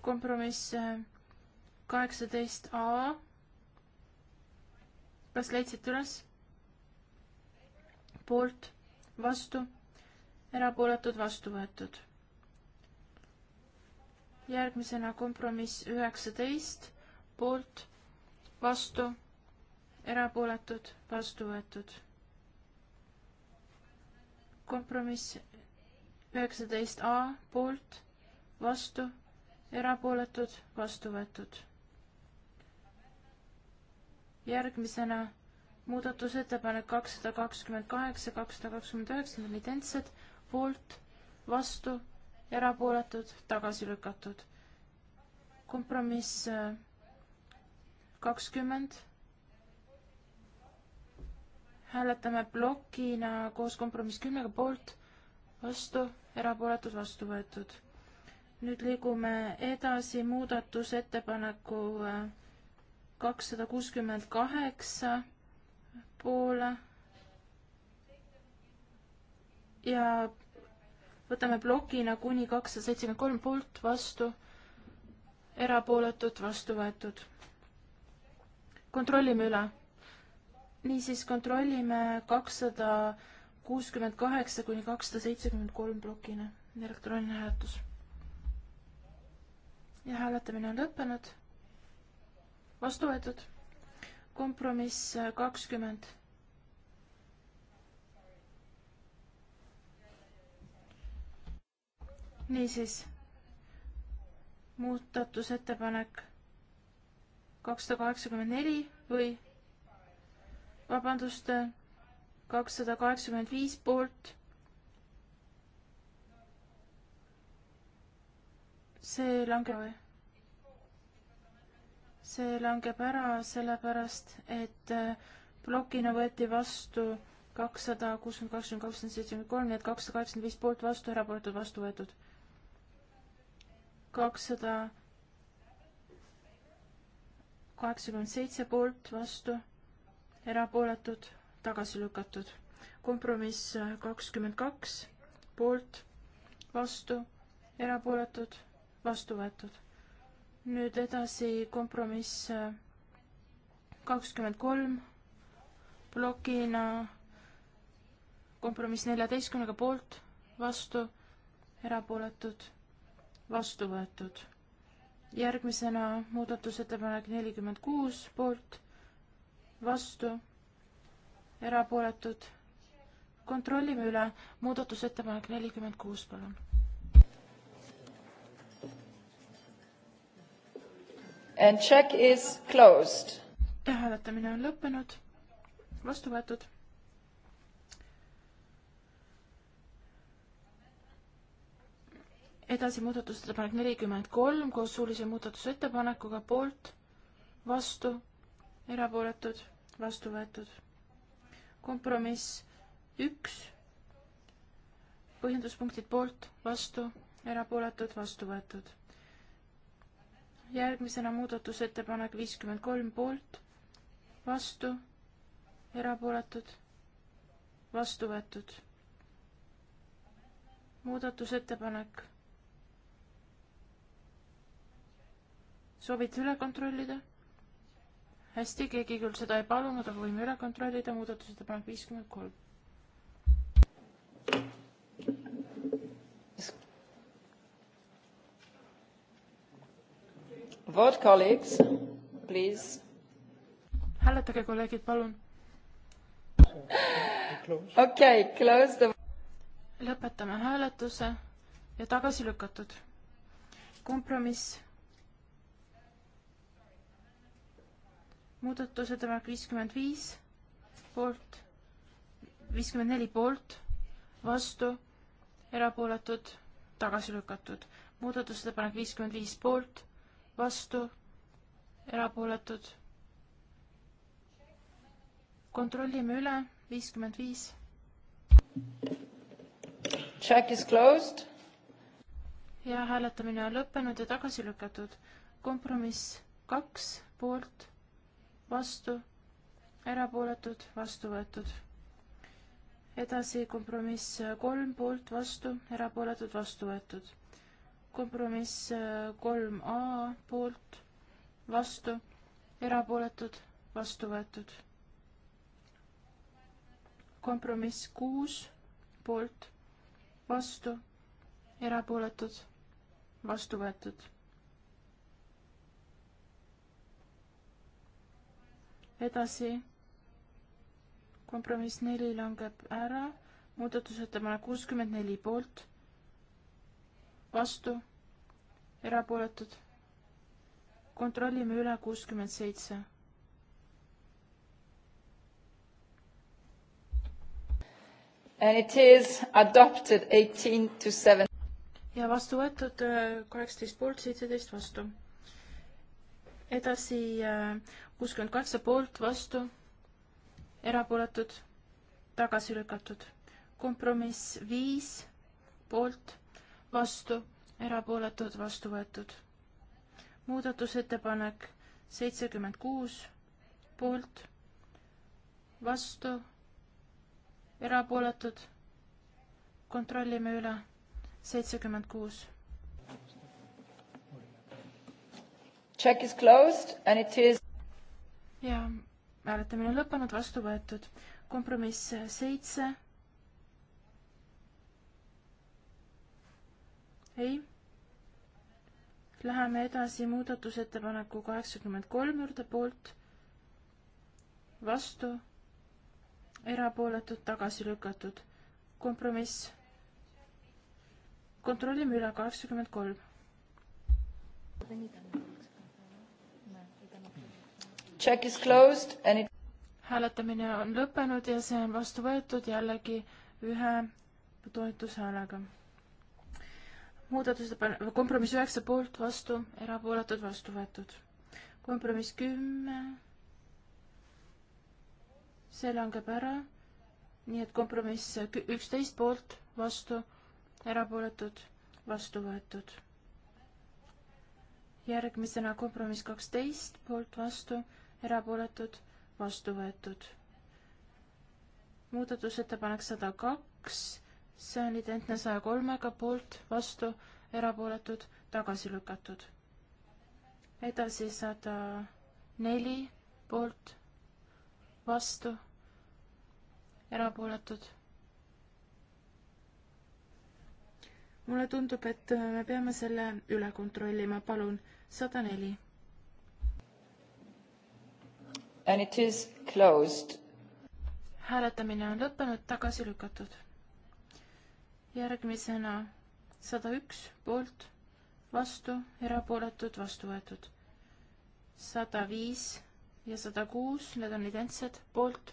kompromiss äh, kaheksateist A. kas leidsite üles? poolt, vastu, erapooletud, vastu võetud. järgmisena kompromiss üheksateist, poolt, vastu, erapooletud, vastu võetud. kompromiss üheksateist A, poolt, vastu erapooletud, vastu võetud. järgmisena muudatusettepanek kakssada kakskümmend kaheksa, kakssada kakskümmend üheksa, need on identsed, poolt, vastu, erapooletud, tagasi lükatud. kompromiss äh, kakskümmend. hääletame plokina koos kompromiss kümnega poolt, vastu, erapooletud, vastu võetud nüüd liigume edasi muudatusettepaneku äh, kakssada kuuskümmend kaheksa poole ja võtame plokina kuni kakssada seitsekümmend kolm poolt vastu, erapooletut vastu võetud. kontrollime üle. niisiis kontrollime kakssada kuuskümmend kaheksa kuni kakssada seitsekümmend kolm plokina, elektrooniline hääletus ja hääletamine on lõppenud. vastu võetud. kompromiss äh, kakskümmend. niisiis, muudatusettepanek kakssada kaheksakümmend neli või vabandust, äh, kakssada kaheksakümmend viis poolt see langeb, see langeb ära sellepärast, et äh, plokina võeti vastu kakssada kuuskümmend, kakskümmend, kakskümmend, seitsekümmend kolm, nii et kakssada kaheksakümmend viis poolt vastu, erapooletud vastu võetud. kakssada kaheksakümmend seitse poolt vastu, erapooletud, tagasi lükatud. kompromiss äh, kakskümmend kaks poolt, vastu, erapooletud vastu võetud. nüüd edasi kompromiss äh, kakskümmend kolm plokina, kompromiss neljateistkümnega poolt, vastu, erapooletud, vastu võetud. järgmisena muudatusettepanek nelikümmend kuus poolt, vastu, erapooletud kontrollime üle, muudatusettepanek nelikümmend kuus, palun And check is closed. hääletamine on lõppenud, vastu võetud. edasi muudatusettepanek nelikümmend kolm koos suulise muudatusettepanekuga poolt, vastu, erapooletud, vastu võetud. kompromiss üks, põhjenduspunktid poolt, vastu, erapooletud, vastu võetud järgmisena muudatusettepanek viiskümmend kolm poolt, vastu, erapooletud, vastu võetud. muudatusettepanek. soovite üle kontrollida? hästi, keegi küll seda ei palunud, aga võime üle kontrollida, muudatusettepanek viiskümmend kolm Vote colleagues, please. hääletage, kolleegid, palun. okei, close the. lõpetame hääletuse ja tagasi lükatud. kompromiss. muudatusettepanek viiskümmend viis poolt, viiskümmend neli poolt, vastu, erapooletud, tagasi lükatud. muudatusettepanek viiskümmend viis poolt vastu, erapooletud. kontrollime üle, viiskümmend viis. Check is closed. ja hääletamine on lõppenud ja tagasi lükatud. kompromiss kaks poolt, vastu, erapooletud, vastu võetud. edasi kompromiss kolm poolt, vastu, erapooletud, vastu võetud kompromiss äh, kolm A poolt, vastu, erapooletud, vastu võetud. kompromiss kuus poolt, vastu, erapooletud, vastu võetud. edasi kompromiss neli langeb ära, muudatusettepanek kuuskümmend neli poolt vastu, erapooletud. kontrollime üle kuuskümmend seitse. And it is adopted eighteen to seven. ja vastu võetud äh, kaheksateist poolt, seitseteist vastu. edasi äh, kuuskümmend kaheksa poolt, vastu, erapooletud, tagasi lükatud. kompromiss viis poolt vastu, erapooletud, vastu võetud. muudatusettepanek seitsekümmend kuus, poolt, vastu, erapooletud, kontrollime üle, seitsekümmend kuus. Check is closed and it is ja hääletamine on lõppenud, vastu võetud. kompromiss seitse ei. Läheme edasi muudatusettepaneku kaheksakümmend kolm juurde, poolt, vastu, erapooletud, tagasi lükatud. kompromiss. kontrollime üle, kaheksakümmend kolm. Check is closed and it hääletamine on lõppenud ja see on vastu võetud jällegi ühe toetushäälega muudatusettepanek, kompromiss üheksa poolt, vastu, erapooletud, vastu võetud. kompromiss kümme, see langeb ära, nii et kompromiss üksteist poolt, vastu, erapooletud, vastu võetud. järgmisena kompromiss kaksteist poolt, vastu, erapooletud, vastu võetud. muudatusettepanek sada kaks see on identne saja kolmega poolt, vastu, erapooletud, tagasi lükatud. edasi sada äh, neli poolt, vastu, erapooletud. mulle tundub, et äh, me peame selle üle kontrollima, palun, sada neli. And it is closed. hääletamine on lõppenud, tagasi lükatud järgmisena sada üks poolt, vastu, erapooletud, vastu võetud. sada viis ja sada kuus, need on identsed, poolt,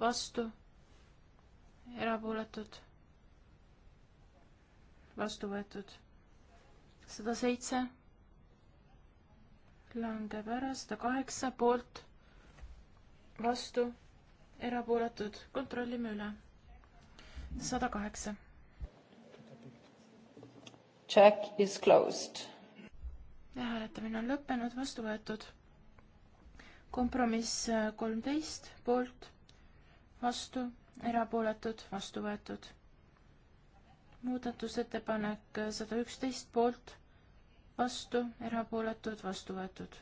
vastu, erapooletud, vastu võetud. sada seitse langeb ära, sada kaheksa poolt, vastu, erapooletud, kontrollime üle sada kaheksa. Check is closed. ja hääletamine on lõppenud, vastu võetud. kompromiss äh, kolmteist, poolt, vastu, erapooletud, vastu võetud. muudatusettepanek äh, sada üksteist, poolt, vastu, erapooletud, vastu võetud.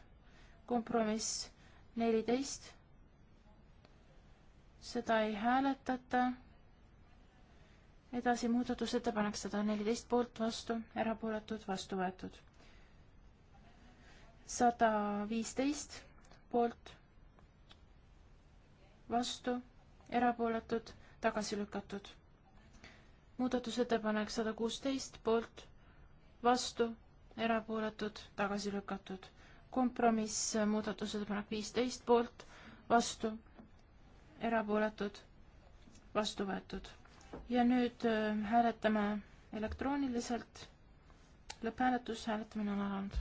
kompromiss neliteist, seda ei hääletata edasi muudatusettepanek sada neliteist poolt vastu, erapooletud, vastu võetud. sada viisteist poolt, vastu, erapooletud, tagasi lükatud. muudatusettepanek sada kuusteist poolt, vastu, erapooletud, tagasi lükatud. kompromiss muudatusettepanek viisteist poolt, vastu, erapooletud, vastu võetud ja nüüd äh, hääletame elektrooniliselt. lõpphääletus, hääletamine on alanud.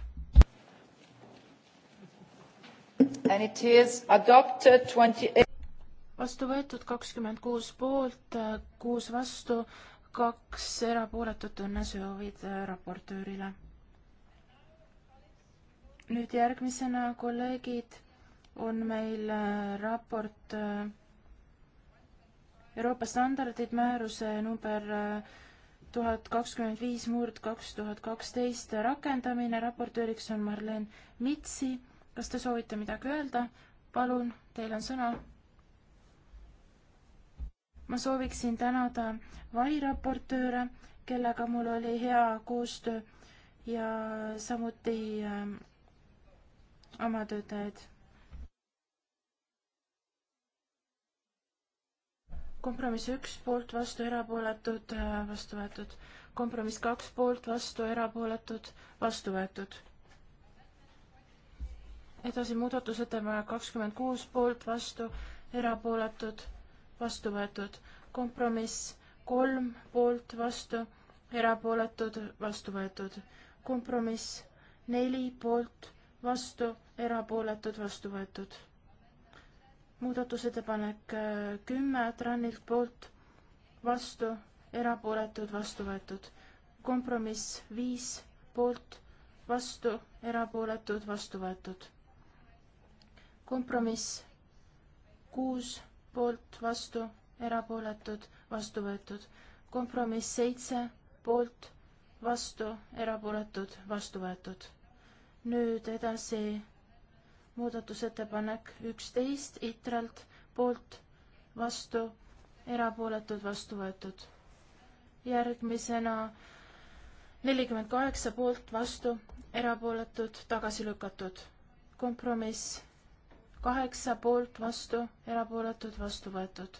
And it is adopted twenty 28... vastu võetud kakskümmend kuus poolt, äh, kuus vastu, kaks erapooletut õnnesoovid äh, raportöörile. nüüd järgmisena, kolleegid, on meil raport äh, Euroopa standardid määruse number äh, tuhat kakskümmend viis murd kaks tuhat kaksteist äh, rakendamine, raportööriks on Marlen Mitsi. kas te soovite midagi öelda? palun, teil on sõna. ma sooviksin tänada variraportööre, kellega mul oli hea koostöö ja samuti äh, oma töötajaid kompromiss üks poolt, vastu, erapooletud, äh, vastu võetud. kompromiss kaks poolt, vastu, erapooletud, vastu võetud. edasi muudatusettepanek kakskümmend kuus poolt, vastu, erapooletud, vastu võetud. kompromiss kolm poolt, vastu, erapooletud, vastu võetud. kompromiss neli poolt, vastu, erapooletud, vastu võetud muudatusettepanek äh, kümme TRAN-ilt poolt, vastu, erapooletud, vastu võetud. kompromiss viis poolt, vastu, erapooletud, vastu võetud. kompromiss kuus poolt, vastu, erapooletud, vastu võetud. kompromiss seitse poolt, vastu, erapooletud, vastu võetud. nüüd edasi muudatusettepanek üksteist ITRAlt poolt, vastu, erapooletud, vastu võetud. järgmisena nelikümmend kaheksa poolt, vastu, erapooletud, tagasi lükatud. kompromiss kaheksa poolt, vastu, erapooletud, vastu võetud.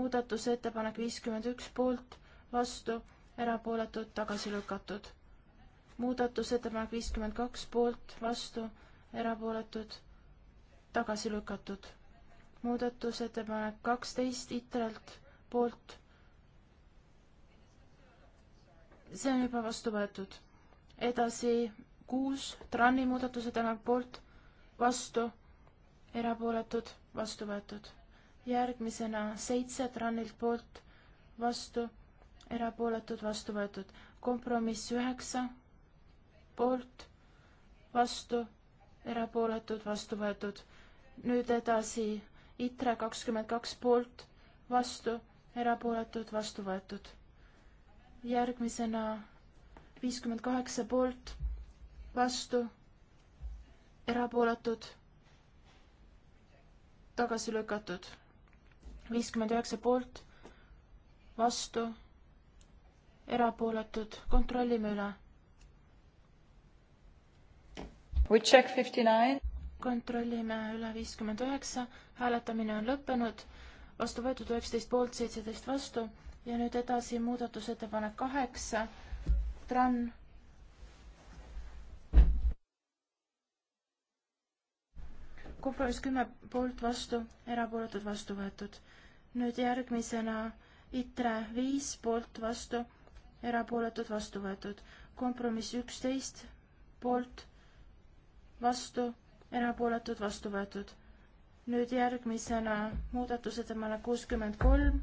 muudatusettepanek viiskümmend üks poolt, vastu, erapooletud, tagasi lükatud. muudatusettepanek viiskümmend kaks poolt, vastu erapooletud, tagasi lükatud. muudatusettepanek kaksteist ITRE-lt poolt. see on juba vastu võetud. edasi kuus TRAN-i muudatusettepanek poolt, vastu, erapooletud, vastu võetud. järgmisena seitse TRAN-ilt poolt, vastu, erapooletud, vastu võetud. kompromiss üheksa poolt, vastu erapooletud, vastu võetud. nüüd edasi ITRE kakskümmend kaks poolt, vastu, erapooletud, vastu võetud. järgmisena viiskümmend kaheksa poolt, vastu, erapooletud, tagasi lükatud. viiskümmend üheksa poolt, vastu, erapooletud, kontrollime üle We check fifty nine. kontrollime üle viiskümmend üheksa, hääletamine on lõppenud, vastu võetud üheksateist poolt, seitseteist vastu ja nüüd edasi muudatusettepanek kaheksa, TRAN. kompromiss kümme poolt vastu, erapooletud vastu võetud. nüüd järgmisena ITRE viis poolt vastu, erapooletud vastu võetud. kompromiss üksteist poolt vastu, erapooletud, vastu võetud. nüüd järgmisena muudatusettepanek kuuskümmend kolm,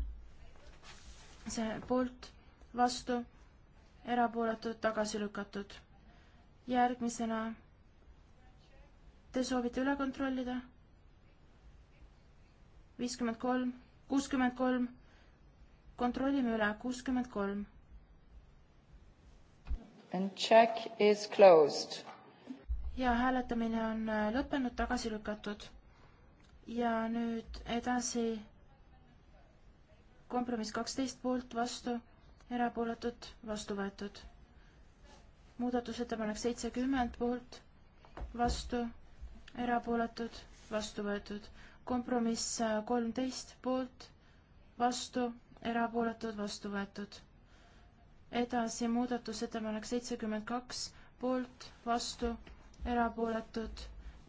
see poolt, vastu, erapooletud, tagasi lükatud. järgmisena, te soovite üle kontrollida? viiskümmend kolm, kuuskümmend kolm, kontrollime üle, kuuskümmend kolm. And check is closed ja hääletamine on äh, lõppenud, tagasi lükatud. ja nüüd edasi kompromiss kaksteist poolt, vastu, erapooletud, vastu võetud. muudatusettepanek seitsekümmend poolt, vastu, erapooletud, vastu võetud. kompromiss äh, kolmteist poolt, vastu, erapooletud, vastu võetud. edasi muudatusettepanek seitsekümmend kaks poolt, vastu erapooletud,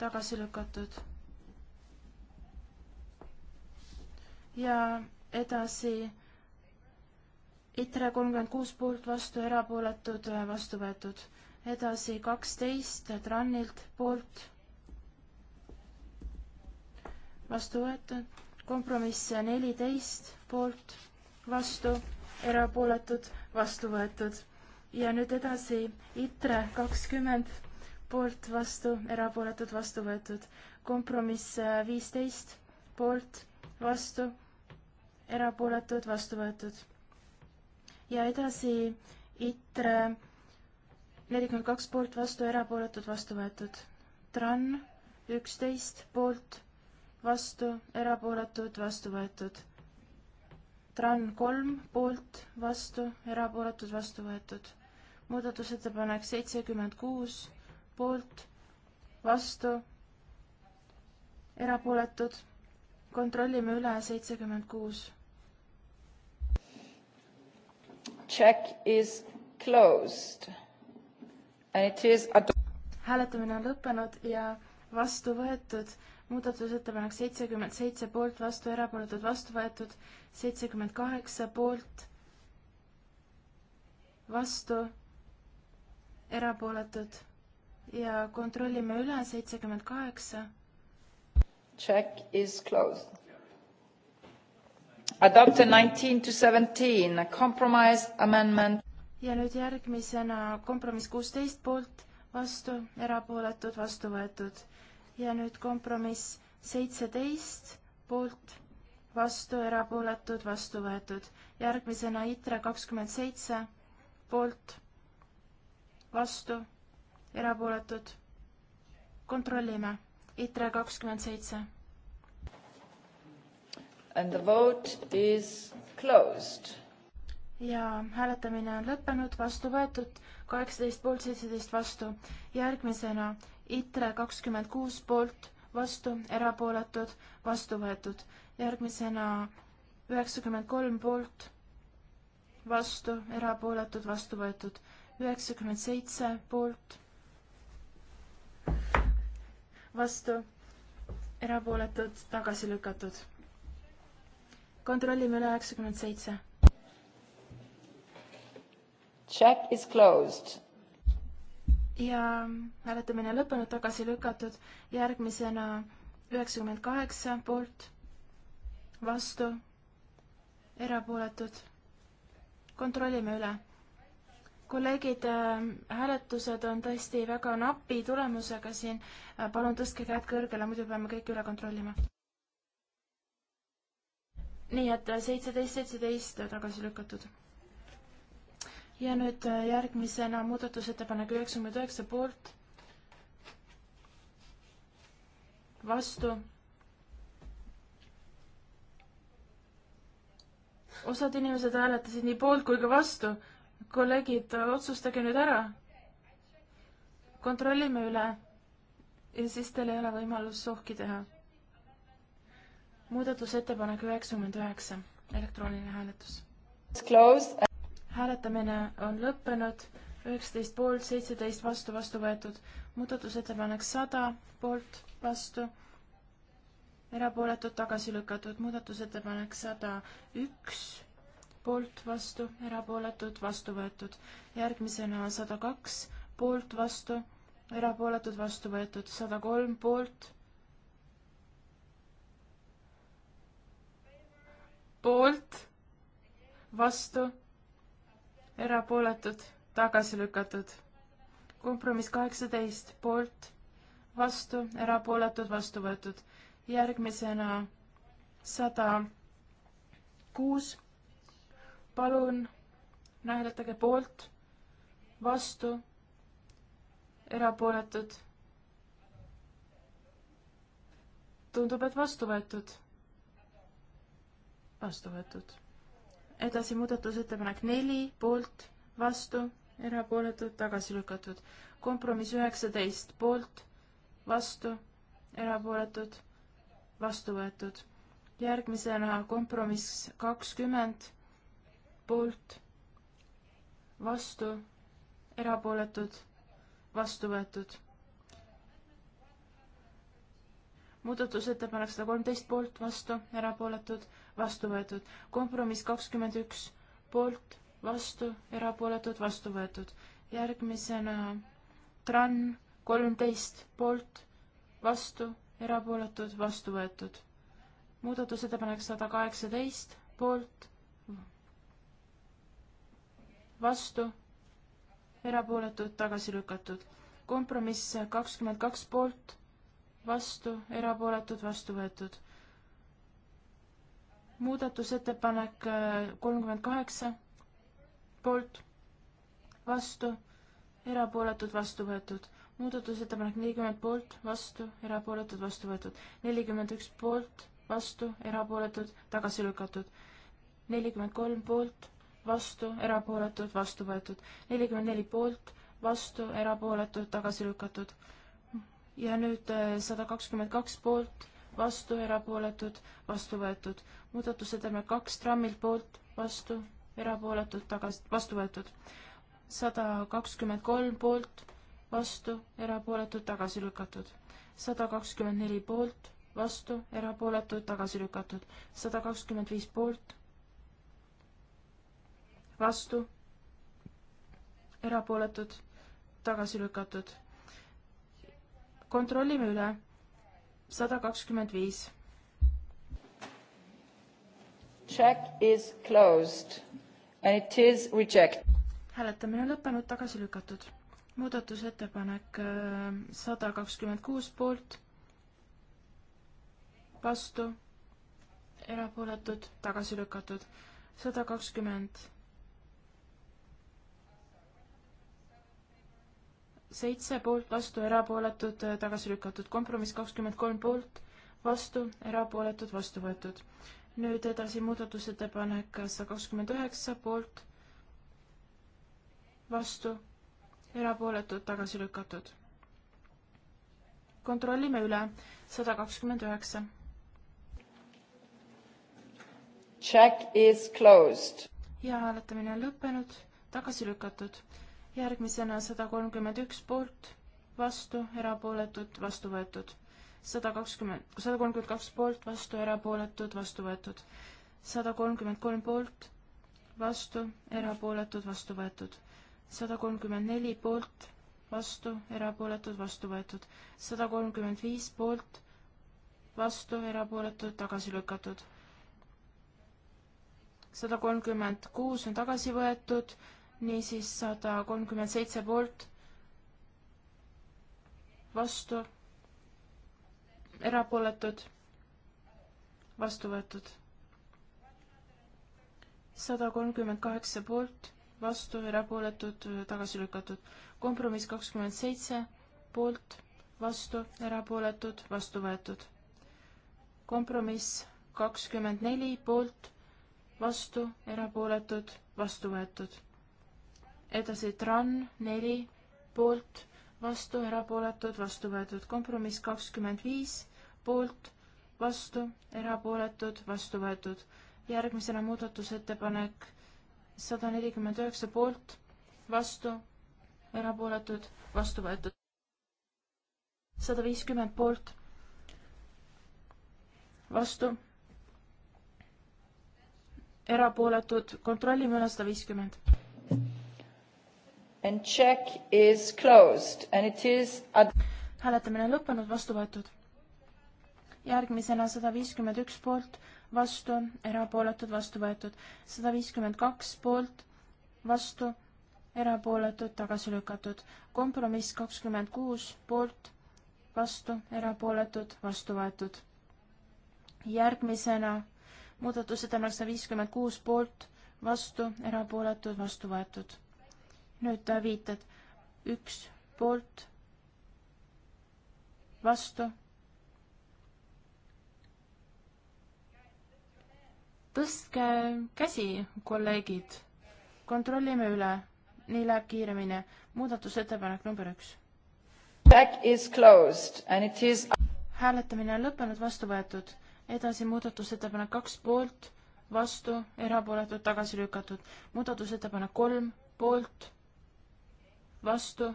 tagasi lükatud. ja edasi ITRE kolmkümmend kuus poolt vastu, erapooletud, vastu võetud. edasi kaksteist TRAN-ilt poolt, vastu võetud. kompromiss neliteist poolt, vastu, erapooletud, vastu võetud. ja nüüd edasi ITRE kakskümmend poolt, vastu, erapooletud, vastu võetud. kompromiss äh, viisteist, poolt, vastu, erapooletud, vastu võetud. ja edasi ITRE nelikümmend kaks poolt, vastu, erapooletud, vastu võetud. TRAN üksteist poolt, vastu, erapooletud, vastu võetud. TRAN kolm poolt, vastu, erapooletud, vastu võetud. muudatusettepanek seitsekümmend kuus poolt, vastu, erapooletud. kontrollime üle seitsekümmend kuus. Check is closed and it is hääletamine on lõppenud ja vastu võetud muudatusettepanek seitsekümmend seitse poolt, vastu erapooletud, vastu võetud seitsekümmend kaheksa poolt, vastu erapooletud ja kontrollime üle seitsekümmend kaheksa. Check is closed. Adopted nineteen to seventeen, compromise amendment. ja nüüd järgmisena kompromiss kuusteist poolt, vastu, erapooletud, vastu võetud. ja nüüd kompromiss seitseteist poolt, vastu, erapooletud, vastu võetud. järgmisena ITRE kakskümmend seitse poolt, vastu erapooletud. kontrollime. ITRE kakskümmend seitse. And the vote is closed. ja hääletamine on lõppenud, vastu võetud, kaheksateist poolt, seitseteist vastu. järgmisena ITRE kakskümmend kuus poolt, vastu, erapooletud, vastu võetud. järgmisena üheksakümmend kolm poolt, vastu, erapooletud, vastu võetud. üheksakümmend seitse poolt vastu, erapooletud, tagasi lükatud. kontrollime üle üheksakümmend seitse. Check is closed. ja hääletamine lõppenud, tagasi lükatud, järgmisena üheksakümmend kaheksa poolt, vastu, erapooletud. kontrollime üle kolleegid, äh, hääletused on tõesti väga napi tulemusega siin. Äh, palun tõstke käed kõrgele, muidu peame kõik üle kontrollima. nii et äh, seitseteist, seitseteist tagasi lükatud. ja nüüd järgmisena muudatusettepanek üheksakümmend üheksa poolt. vastu. osad inimesed hääletasid nii poolt kui ka vastu kolleegid, otsustage nüüd ära. kontrollime üle ja siis teil ei ole võimalus sohki teha. muudatusettepanek üheksakümmend üheksa, elektrooniline hääletus. hääletamine on lõppenud, üheksateist poolt, seitseteist vastu, vastu võetud. muudatusettepanek sada poolt, vastu erapooletud tagasi lükatud muudatusettepanek sada üks poolt, vastu, erapooletud, vastu võetud. järgmisena sada kaks, poolt, vastu, erapooletud, vastu võetud, sada kolm, poolt, poolt, vastu, erapooletud, tagasi lükatud. kompromiss kaheksateist, poolt, vastu, erapooletud, vastu võetud. järgmisena sada kuus palun hääletage poolt, vastu, erapooletud. tundub, et vastu võetud. vastu võetud. edasi muudatusettepanek neli, poolt, vastu, erapooletud, tagasi lükatud. kompromiss üheksateist, poolt, vastu, erapooletud, vastu võetud. järgmisena kompromiss kakskümmend poolt, vastu, erapooletud, vastu võetud. muudatusettepanek sada kolmteist poolt, vastu, erapooletud, vastu võetud. kompromiss kakskümmend üks poolt, vastu, erapooletud, vastu võetud. järgmisena TRAN kolmteist poolt, vastu, erapooletud, vastu võetud. muudatusettepanek sada kaheksateist poolt, vastu, erapooletud, tagasi lükatud. kompromiss kakskümmend kaks poolt, vastu, erapooletud, vastu võetud. muudatusettepanek äh, kolmkümmend kaheksa, poolt, vastu, erapooletud, vastu võetud. muudatusettepanek nelikümmend poolt, vastu, erapooletud, vastu võetud. nelikümmend üks poolt, vastu, erapooletud, tagasi lükatud. nelikümmend kolm poolt vastu, erapooletud, vastu võetud. nelikümmend neli poolt, vastu, erapooletud, tagasi lükatud. ja nüüd äh, sada kakskümmend kaks poolt, vastu, erapooletud, vastu võetud. muudatusettepanek kaks trammilt poolt, vastu, erapooletud, tagasi, vastu võetud. sada kakskümmend kolm poolt, vastu, erapooletud, tagasi lükatud. sada kakskümmend neli poolt, vastu, erapooletud, tagasi lükatud. sada kakskümmend viis poolt vastu, erapooletud, tagasi lükatud. kontrollime üle, sada kakskümmend viis. Check is closed and it is reject. hääletamine on lõppenud, tagasi lükatud. muudatusettepanek äh, sada kakskümmend kuus poolt, vastu, erapooletud, tagasi lükatud, sada kakskümmend seitse poolt, vastu, erapooletud, tagasi lükatud. kompromiss kakskümmend kolm poolt, vastu, erapooletud, vastu võetud. nüüd edasi muudatusettepanek sada kakskümmend üheksa poolt, vastu, erapooletud, tagasi lükatud. kontrollime üle, sada kakskümmend üheksa. Check is closed. ja hääletamine on lõppenud, tagasi lükatud järgmisena sada kolmkümmend üks poolt, vastu, erapooletud, vastu võetud. sada kakskümmend, sada kolmkümmend kaks poolt, vastu, erapooletud, vastu võetud. sada kolmkümmend kolm poolt, vastu, erapooletud, vastu võetud. sada kolmkümmend neli poolt, vastu, erapooletud, vastu võetud. sada kolmkümmend viis poolt, vastu, erapooletud, tagasi lükatud sada kolmkümmend kuus on tagasi võetud, niisiis sada kolmkümmend seitse poolt, vastu, erapooletud, vastu võetud. sada kolmkümmend kaheksa poolt, vastu, erapooletud, tagasi lükatud. kompromiss kakskümmend seitse poolt, vastu, erapooletud, vastu võetud. kompromiss kakskümmend neli poolt, vastu, erapooletud, vastu võetud edasi TRAN neli poolt, vastu, erapooletud, vastu võetud, kompromiss kakskümmend viis poolt, vastu, erapooletud, vastu võetud. järgmisena muudatusettepanek sada nelikümmend üheksa poolt, vastu, erapooletud, vastu võetud. sada viiskümmend poolt, vastu, erapooletud, kontrollime üle sada viiskümmend And check is closed and it is ad-. hääletamine on lõppenud, vastu võetud. järgmisena sada viiskümmend üks poolt, vastu, erapooletud, vastu võetud. sada viiskümmend kaks poolt, vastu, erapooletud, tagasi lükatud. kompromiss kakskümmend kuus poolt, vastu, erapooletud, vastu võetud. järgmisena muudatusettepanek sada viiskümmend kuus poolt, vastu, erapooletud, vastu võetud nüüd viited üks poolt, vastu. tõstke käsi, kolleegid, kontrollime üle, nii läheb kiiremini. muudatusettepanek number üks. Is... hääletamine on lõppenud, vastu võetud. edasi muudatusettepanek kaks poolt, vastu, erapooletud, tagasi lükatud. muudatusettepanek kolm poolt vastu,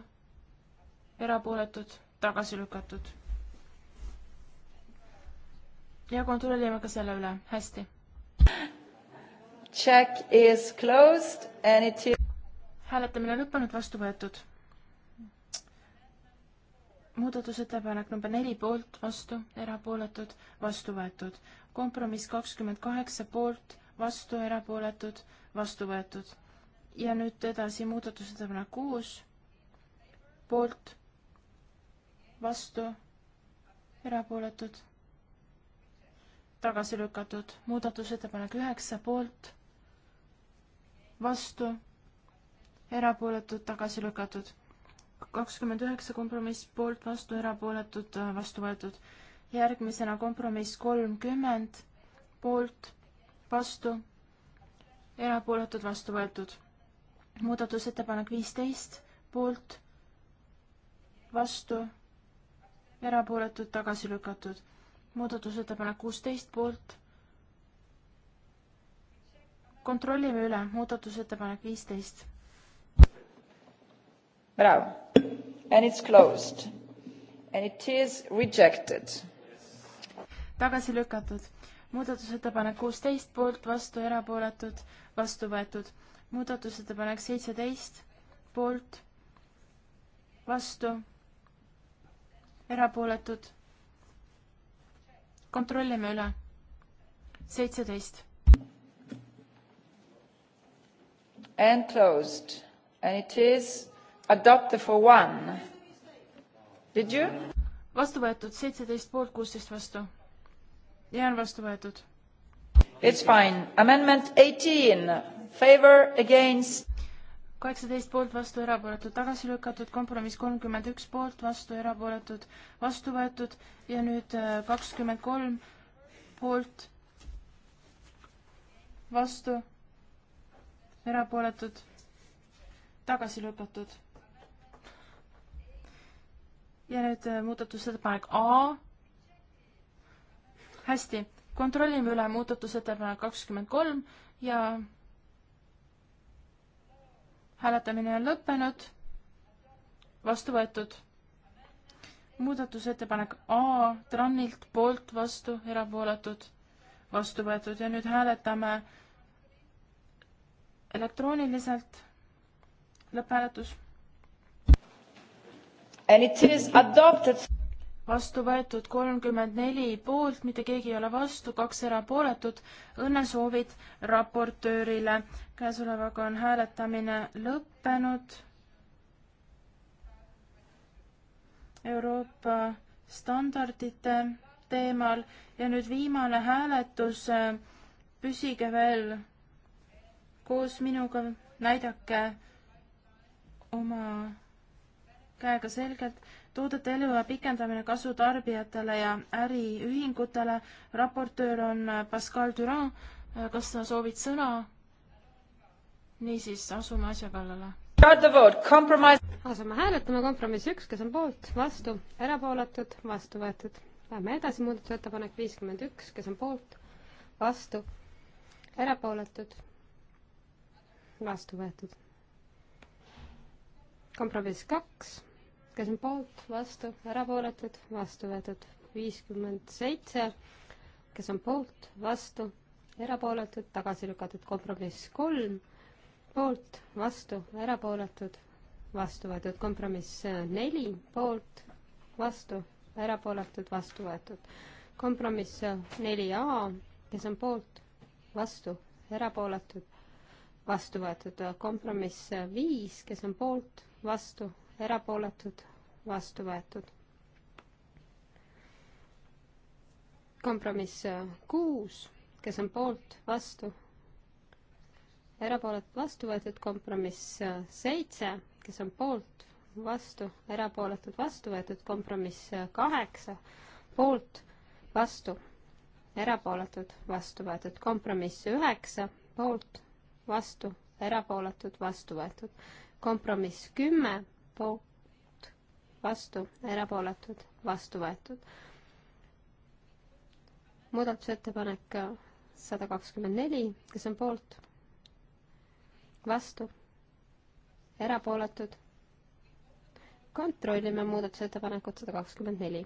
erapooletud, tagasi lükatud. ja kontrollime ka selle üle, hästi. Check is closed and it is hääletamine lõppenud, vastu võetud. muudatusettepanek number neli poolt, vastu, erapooletud, vastu võetud. kompromiss kakskümmend kaheksa poolt, vastu, erapooletud, vastu võetud. ja nüüd edasi muudatusettepanek kuus poolt, vastu, erapooletud, tagasi lükatud. muudatusettepanek üheksa poolt, vastu, erapooletud, tagasi lükatud. kakskümmend üheksa kompromiss poolt, vastu, erapooletud, vastu võetud. järgmisena kompromiss kolmkümmend poolt, vastu, erapooletud, vastu võetud muudatusettepanek viisteist, poolt, vastu, erapooletud, tagasi lükatud. muudatusettepanek kuusteist poolt. kontrollime üle, muudatusettepanek viisteist. Bravo. And it's closed. And it is rejected. tagasi lükatud. muudatusettepanek kuusteist poolt, vastu, erapooletud, vastu võetud. muudatusettepanek seitseteist poolt, vastu erapooletud. kontrollime üle. seitseteist. And closed and it is adopted for one. Did you? vastu võetud seitseteist poolt, kuusteist vastu. ja on vastu võetud. It's fine. Amendment eighteen, favor against kaheksateist poolt, vastu erapooletud, tagasi lükatud, kompromiss kolmkümmend üks poolt, vastu erapooletud, vastu võetud ja nüüd äh, kakskümmend kolm poolt, vastu, erapooletud, tagasi lükatud. ja nüüd äh, muudatusettepanek A. hästi, kontrollime üle muudatusettepanek kakskümmend kolm ja hääletamine on lõppenud, vastu võetud. muudatusettepanek A TRAN-ilt poolt, vastu, erapooletud, vastu võetud ja nüüd hääletame elektrooniliselt. lõpphääletus. And it is adopted vastu võetud kolmkümmend neli poolt, mitte keegi ei ole vastu, kaks erapooletut. õnnesoovid raportöörile. käesolevaga on hääletamine lõppenud. Euroopa standardite teemal ja nüüd viimane hääletus. püsige veel koos minuga, näidake oma käega selgelt toodete eluea pikendamine kasu tarbijatele ja äriühingutele. raportöör on äh, Pascal Durand. Äh, kas sa soovid sõna? niisiis, asume asja kallale. asume hääletama kompromissi üks, kes on poolt, vastu, erapooletud, vastu võetud. Lähme edasi, muudatusettepanek viiskümmend üks, kes on poolt, vastu, erapooletud, vastu võetud. kompromiss kaks kes on poolt, vastu, erapooletud, vastu võetud viiskümmend seitse, kes on poolt, vastu, erapooletud, tagasi lükatud kompromiss kolm, poolt, vastu, erapooletud, vastu võetud kompromiss neli, poolt, vastu, erapooletud, vastu võetud. kompromiss neli A, kes on poolt, vastu, erapooletud, vastu võetud. kompromiss viis, kes on poolt, vastu, erapooletud, vastu võetud. kompromiss äh, kuus, kes on poolt, vastu, erapooletud, vastu võetud, kompromiss äh, seitse, kes on poolt, vastu, erapooletud, vastu võetud, kompromiss äh, kaheksa, poolt, vastu, erapooletud, vastu võetud, kompromiss üheksa, poolt, vastu, erapooletud, vastu võetud, kompromiss kümme, poolt, vastu, erapooletud, vastu võetud. muudatusettepanek sada kakskümmend neli, kes on poolt, vastu, erapooletud. kontrollime muudatusettepanekut sada kakskümmend neli.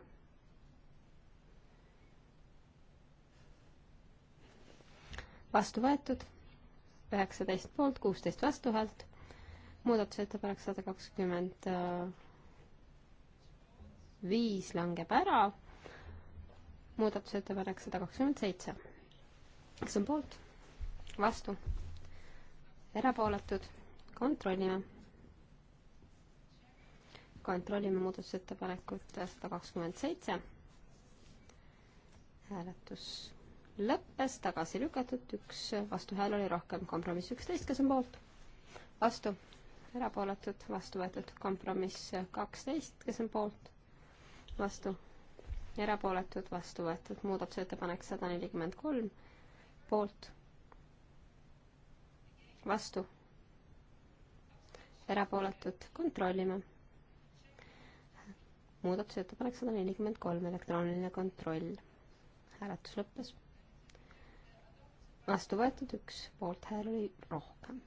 vastu võetud, üheksateist poolt, kuusteist vastuhäält muudatusettepanek sada kakskümmend viis langeb ära, muudatusettepanek sada kakskümmend seitse. kes on poolt? vastu? erapooletud? kontrollime. kontrollime muudatusettepanekut sada kakskümmend seitse. hääletus lõppes, tagasi lükatud, üks vastuhääl oli rohkem, kompromiss üksteist, kes on poolt? vastu, erapooletud, vastu võetud. kompromiss kaksteist, kes on poolt, vastu, erapooletud, vastu võetud. muudatusettepanek sada nelikümmend kolm, poolt, vastu, erapooletud, kontrollime. muudatusettepanek sada nelikümmend kolm, elektrooniline kontroll. hääletus lõppes vastu võetud üks poolthääl oli rohkem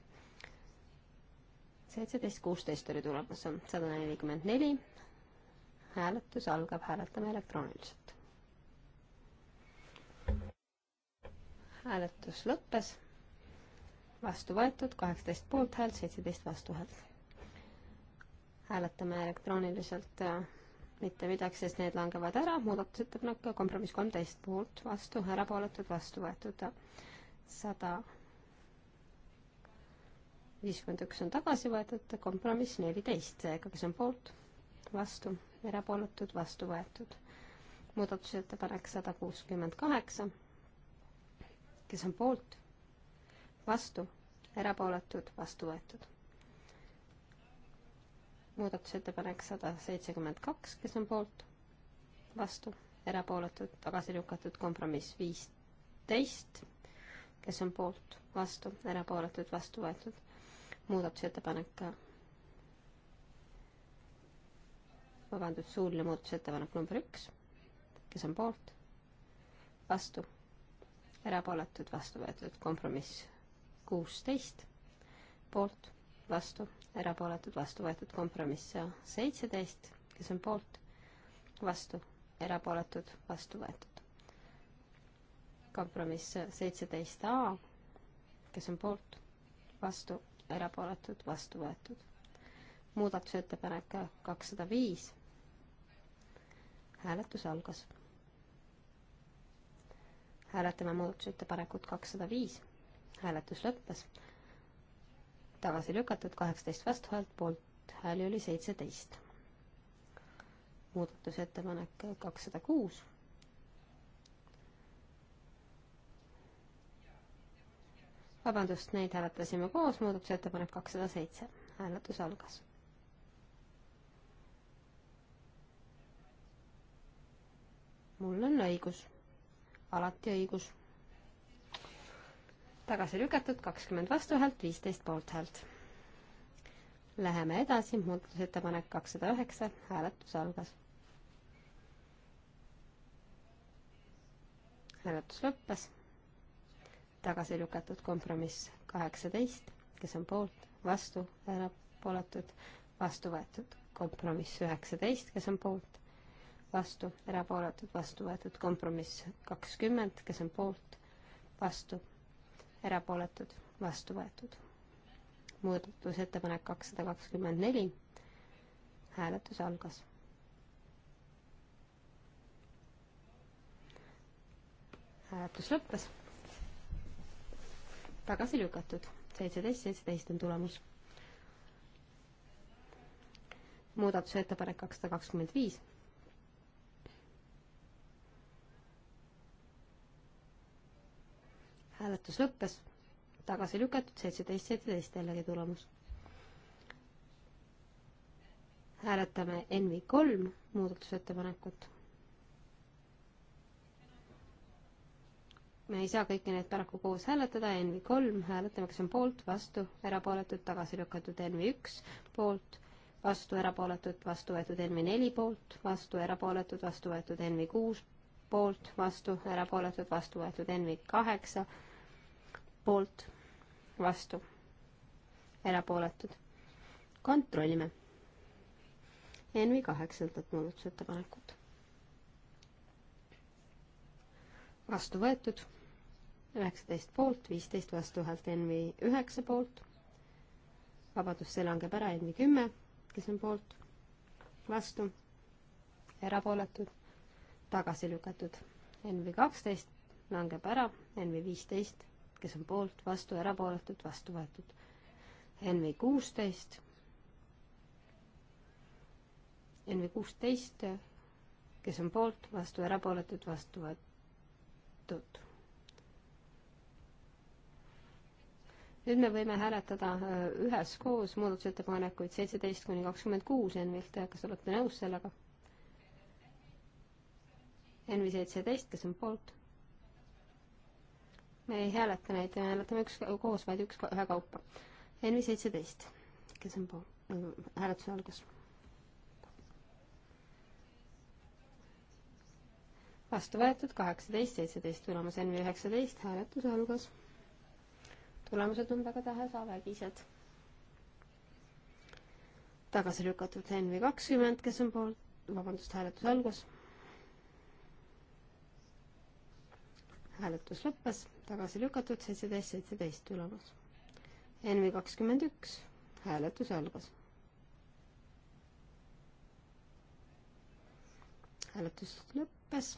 seitseteist, kuusteist oli tulemus, sada nelikümmend neli. hääletus algab, hääletame elektrooniliselt. hääletus lõppes, vastu võetud, kaheksateist poolthäält, seitseteist vastuhäält. hääletame elektrooniliselt äh, mitte midagi, sest need langevad ära, muudatusettepanek kompromiss kolmteist poolt, vastu, erapooletud, vastu võetud sada 100 viiskümmend üks on tagasi võetud, kompromiss neliteist, seega kes on poolt, vastu, erapooletud, vastu võetud. muudatusettepanek sada kuuskümmend kaheksa, kes on poolt, vastu, erapooletud, vastu võetud. muudatusettepanek sada seitsekümmend kaks, kes on poolt, vastu, erapooletud, tagasi lükatud, kompromiss viisteist, kes on poolt, vastu, erapooletud, vastu võetud muudatusettepanek, vabandust, suuline muudatusettepanek number üks, kes on poolt, vastu, erapooletud, vastu võetud, kompromiss kuusteist, poolt, vastu, erapooletud, vastu võetud, kompromiss seitseteist, kes on poolt, vastu, erapooletud, vastu võetud. kompromiss seitseteist A, kes on poolt, vastu, erapooletud, vastu võetud. muudatusettepanek kakssada viis. hääletus algas. hääletame muudatusettepanekut kakssada viis. hääletus lõppes. tagasi lükatud kaheksateist vastuhäält, poolt hääli oli seitseteist muudatusettepanek kakssada kuus vabandust, neid hääletasime koos, muudatusettepanek kakssada seitse, hääletus algas. mul on õigus, alati õigus. tagasi lükatud kakskümmend vastuhäält, viisteist poolthäält. Läheme edasi, muudatusettepanek kakssada üheksa, hääletus algas. hääletus lõppes tagasi lükatud kompromiss kaheksateist, kes on poolt, vastu, erapooletud, vastu võetud. kompromiss üheksateist, kes on poolt, vastu, erapooletud, vastu võetud. kompromiss kakskümmend, kes on poolt, vastu, erapooletud, vastu võetud. muudatusettepanek kakssada kakskümmend neli, hääletus algas. hääletus lõppes tagasi lükatud. seitseteist, seitseteist on tulemus. muudatusettepanek kakssada kakskümmend viis. hääletus lõppes, tagasi lükatud, seitseteist, seitseteist jällegi tulemus. hääletame NV kolm muudatusettepanekut me ei saa kõiki neid paraku koos hääletada, NV kolm hääletame, kas on poolt, vastu, erapooletud, tagasi lükatud NV üks, poolt, vastu, erapooletud, vastu võetud NV neli poolt, vastu, erapooletud, vastu võetud NV kuus poolt, vastu, erapooletud, vastu võetud NV kaheksa poolt, vastu, erapooletud. kontrollime. NV kaheksandat muudatusettepanekut vastu võetud üheksateist poolt, viisteist vastuhäält NV üheksa poolt. vabadus, see langeb ära, NV kümme, kes on poolt, vastu, erapooletud, tagasi lükatud. NV kaksteist langeb ära, NV viisteist, kes on poolt, vastu, erapooletud, vastu võetud. NV kuusteist, NV kuusteist, kes on poolt, vastu, erapooletud, vastu võetud nüüd me võime hääletada äh, üheskoos muudatusettepanekuid seitseteist kuni kakskümmend kuus Envilt, kas olete nõus sellega? Envi seitseteist, kes on poolt? me ei hääleta neid, hääletame üks koos, vaid üks, ühekaupa. Envi seitseteist, kes on poolt, hääletuse algus. vastu võetud kaheksateist, seitseteist tulemas, Envi üheksateist, hääletus algas tulemused on väga tähesavägised. tagasi lükatud NV kakskümmend, kes on poolt, vabandust, hääletus algus. hääletus lõppes, tagasi lükatud seitseteist, seitseteist tulemus. NV kakskümmend üks, hääletus algas. hääletus lõppes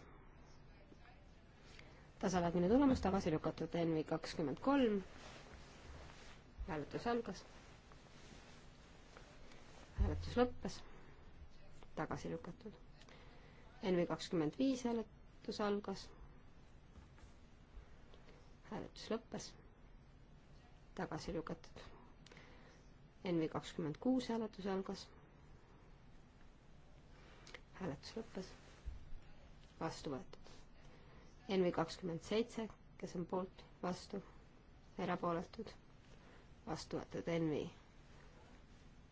tasalagmine tulemus tagasi lükatud NV kakskümmend kolm, hääletus algas. hääletus lõppes. tagasi lükatud. NV kakskümmend viis hääletus algas. hääletus lõppes. tagasi lükatud. NV kakskümmend kuus hääletus algas. hääletus lõppes. vastu võetud. NV kakskümmend seitse, kes on poolt, vastu, erapooletud vastu võetud Envi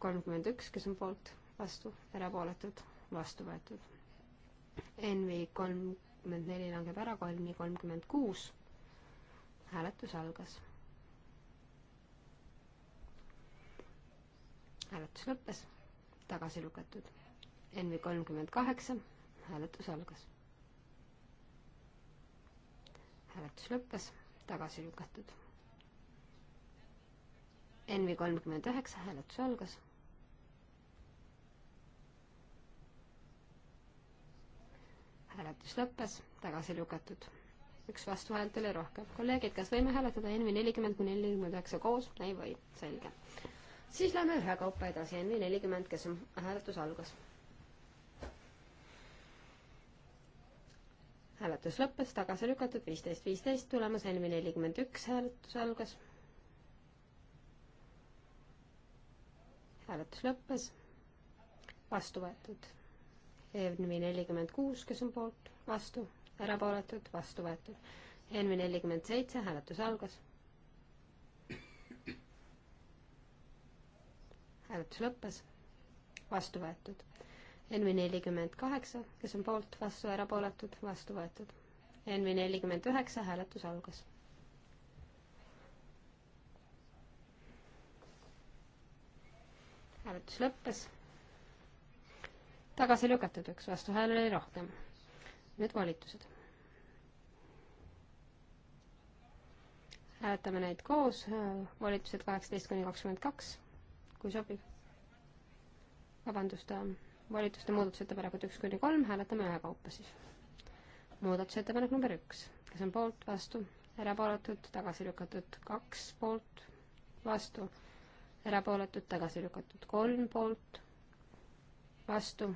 kolmkümmend üks, kes on poolt, vastu, erapooletud, vastu võetud. Envi kolmkümmend neli langeb ära, kolmi kolmkümmend kuus. hääletus algas. hääletus lõppes, tagasi lükatud. Envi kolmkümmend kaheksa, hääletus algas. hääletus lõppes, tagasi lükatud NV kolmkümmend üheksa hääletus algas. hääletus lõppes, tagasi lükatud. üks vastuhäält oli rohkem. kolleegid, kas võime hääletada NV nelikümmend kuni nelikümmend üheksa koos? ei või, selge. siis lähme ühekaupa edasi, NV nelikümmend, kes on, hääletus algas. hääletus lõppes, tagasi lükatud, viisteist, viisteist, tulemus NV nelikümmend üks, hääletus algas hääletus lõppes, vastu võetud. ENV nelikümmend kuus, kes on poolt, vastu, erapooletud, vastu võetud. ENV nelikümmend seitse, hääletus algas. hääletus lõppes, vastu võetud. ENV nelikümmend kaheksa, kes on poolt, vastu, erapooletud, vastu võetud. ENV nelikümmend üheksa, hääletus algas hääletus lõppes. tagasi lükatud, üks vastuhääl oli rohkem. nüüd volitused. hääletame neid koos, volitused kaheksateist kuni kakskümmend kaks, kui sobib. vabandust, volituste muudatusettepanekud üks kuni kolm, hääletame ühekaupa siis. muudatusettepanek number üks, kes on poolt, vastu, erapooletud, tagasi lükatud, kaks poolt, vastu erapooletud, tagasi lükatud kolm poolt, vastu,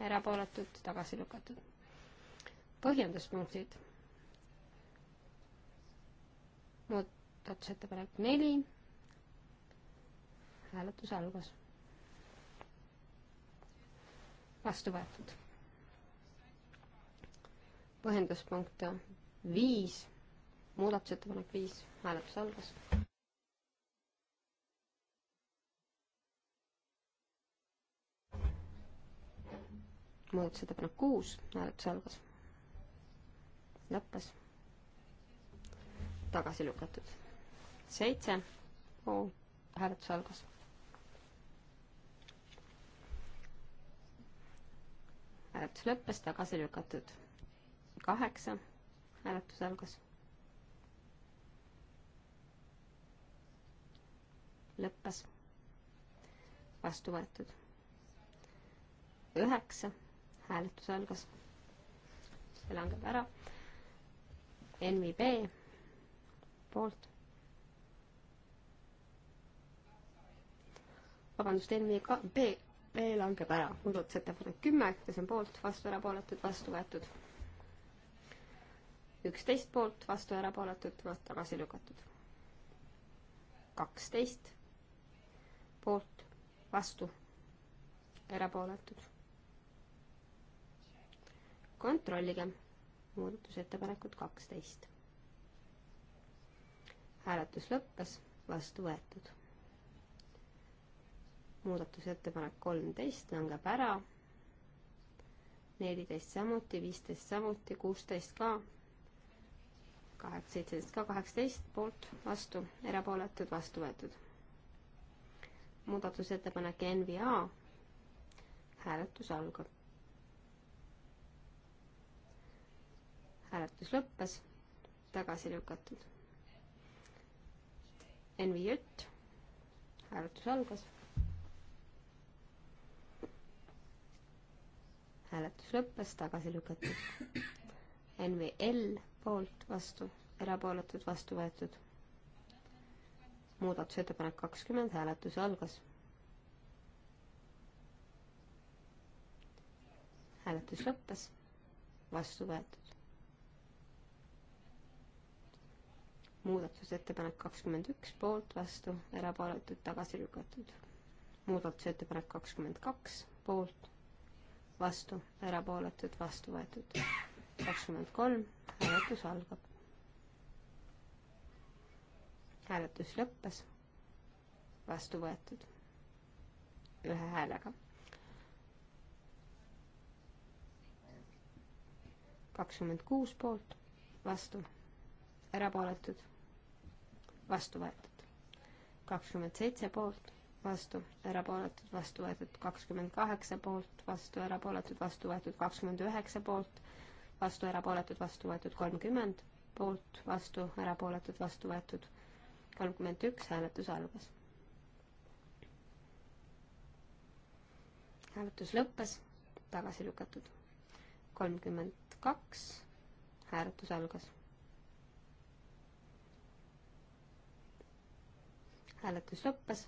erapooletud, tagasi lükatud. põhjenduspunktid. muudatusettepanek neli, hääletus algas. vastu võetud. põhjenduspunkt viis, muudatusettepanek viis, hääletus algas muudatusettepanek noh, kuus, hääletus algas. lõppes. tagasi lükatud. seitse, hääletus algas. hääletus lõppes, tagasi lükatud. kaheksa, hääletus algas. lõppes. vastu võetud. üheksa hääletus algas. see langeb ära. NVB poolt. vabandust, NVK, B, B langeb ära, muudatusettepanek kümme, kes on poolt, vastu, erapooletud, vastu võetud. üksteist poolt, vastu, erapooletud, tagasi lükatud. kaksteist poolt, vastu, erapooletud kontrollige. muudatusettepanekud kaksteist. hääletus lõppes, vastu võetud. muudatusettepanek kolmteist langeb ära. neliteist samuti, viisteist samuti, kuusteist ka kaheksa, seitseteist ka kaheksateist poolt, vastu, erapooletud, vastu võetud. muudatusettepanek NVA, hääletus algab. hääletus lõppes, tagasi lükatud. NVJ, hääletus algas. hääletus lõppes, tagasi lükatud. NVL poolt, vastu, erapooletud, vastu võetud. muudatusettepanek kakskümmend, hääletus algas hääletus lõppes, vastu võetud. muudatusettepanek kakskümmend üks, poolt, vastu, erapooletud, tagasi lükatud. muudatusettepanek kakskümmend kaks, poolt, vastu, erapooletud, vastu võetud. kakskümmend kolm, hääletus algab. hääletus lõppes, vastu võetud ühe häälega. kakskümmend kuus poolt, vastu, erapooletud vastu võetud. kakskümmend seitse poolt, vastu, erapooletud, vastu võetud kakskümmend kaheksa poolt, vastu, erapooletud, vastu võetud kakskümmend üheksa poolt, vastu, erapooletud, vastu võetud kolmkümmend poolt, vastu, erapooletud, vastu võetud kolmkümmend üks, hääletus algas. hääletus lõppes, tagasi lükatud. kolmkümmend kaks, hääletus algas hääletus lõppes,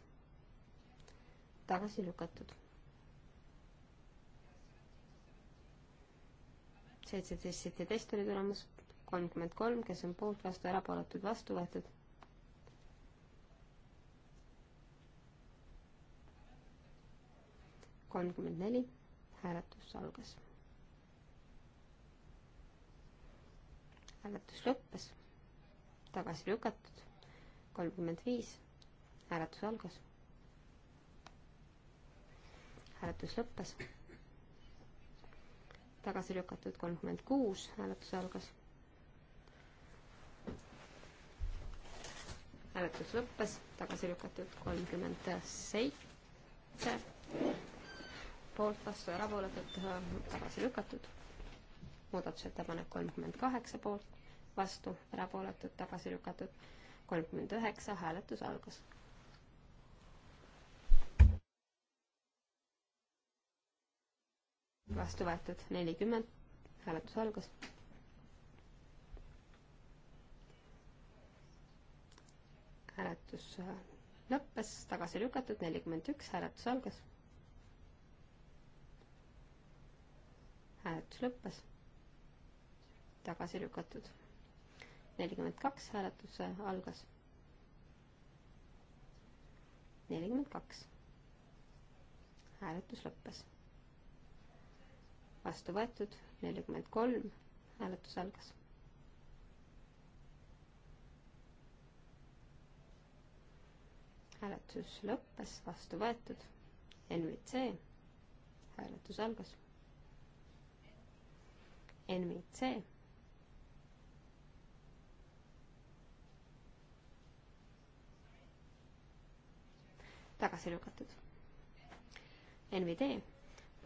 tagasi lükatud. seitseteist seitseteist oli tulemus, kolmkümmend kolm, kes on poolt, vastu, erapooletud, vastu võetud. kolmkümmend neli, hääletus algas hääletus lõppes, tagasi lükatud, kolmkümmend viis hääletus algas. hääletus lõppes. tagasi lükatud kolmkümmend kuus, hääletus algas. hääletus lõppes, tagasi lükatud kolmkümmend seitse, poolt, vastu ja erapooletud, tagasi lükatud. muudatusettepanek kolmkümmend kaheksa poolt, vastu, erapooletud, tagasi lükatud, kolmkümmend üheksa, hääletus algas vastu võetud nelikümmend, hääletus algas. hääletus äh, lõppes, tagasi lükatud, nelikümmend üks, hääletus algas. hääletus lõppes, tagasi lükatud, nelikümmend kaks, hääletus äh, algas. nelikümmend kaks, hääletus lõppes vastu võetud, nelikümmend kolm, hääletus algas. hääletus lõppes, vastu võetud, NVC, hääletus algas. NVC. tagasi lükatud. NVD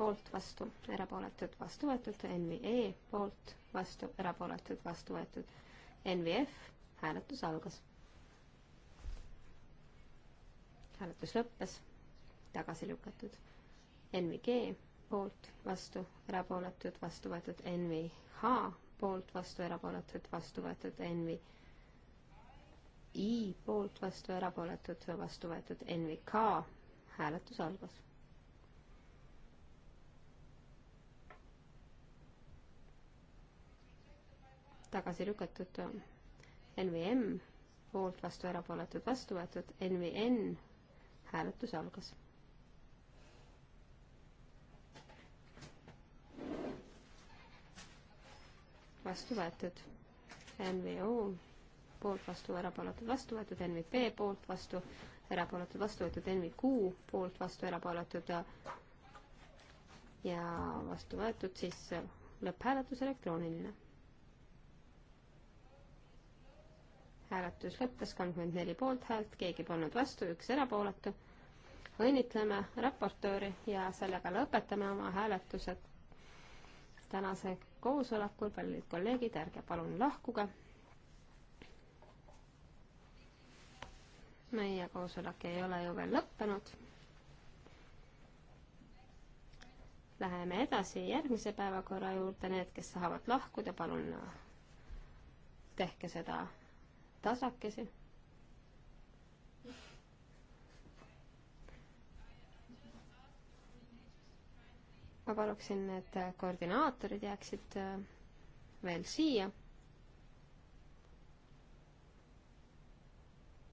poolt, vastu, erapooletud, vastu võetud, NVE poolt, vastu, erapooletud, vastu võetud, NVF, hääletus algas. hääletus lõppes, tagasi lükatud. NVG poolt, vastu, erapooletud, vastu võetud, NVH poolt, vastu, erapooletud, vastu võetud, NVI poolt, vastu, erapooletud, vastu võetud, NVK hääletus algas tagasi lükatud NVM, poolt vastu erapooletud vastu võetud NVN, hääletus algas. vastu võetud NVO, poolt vastu erapooletud vastu võetud NVP, poolt vastu erapooletud vastu võetud NVQ, poolt vastu erapooletud ja vastu võetud siis lõpphääletus elektrooniline hääletus lõppes, kolmkümmend neli poolthäält, keegi polnud vastu, üks erapooletu. õnnitleme raportööri ja sellega lõpetame oma hääletused tänase koosolekul. paljud kolleegid, ärge palun lahkuge. meie koosolek ei ole ju veel lõppenud. Läheme edasi järgmise päevakorra juurde, need, kes tahavad lahkuda, palun tehke seda tasakesi. ma paluksin, et koordinaatorid jääksid äh, veel siia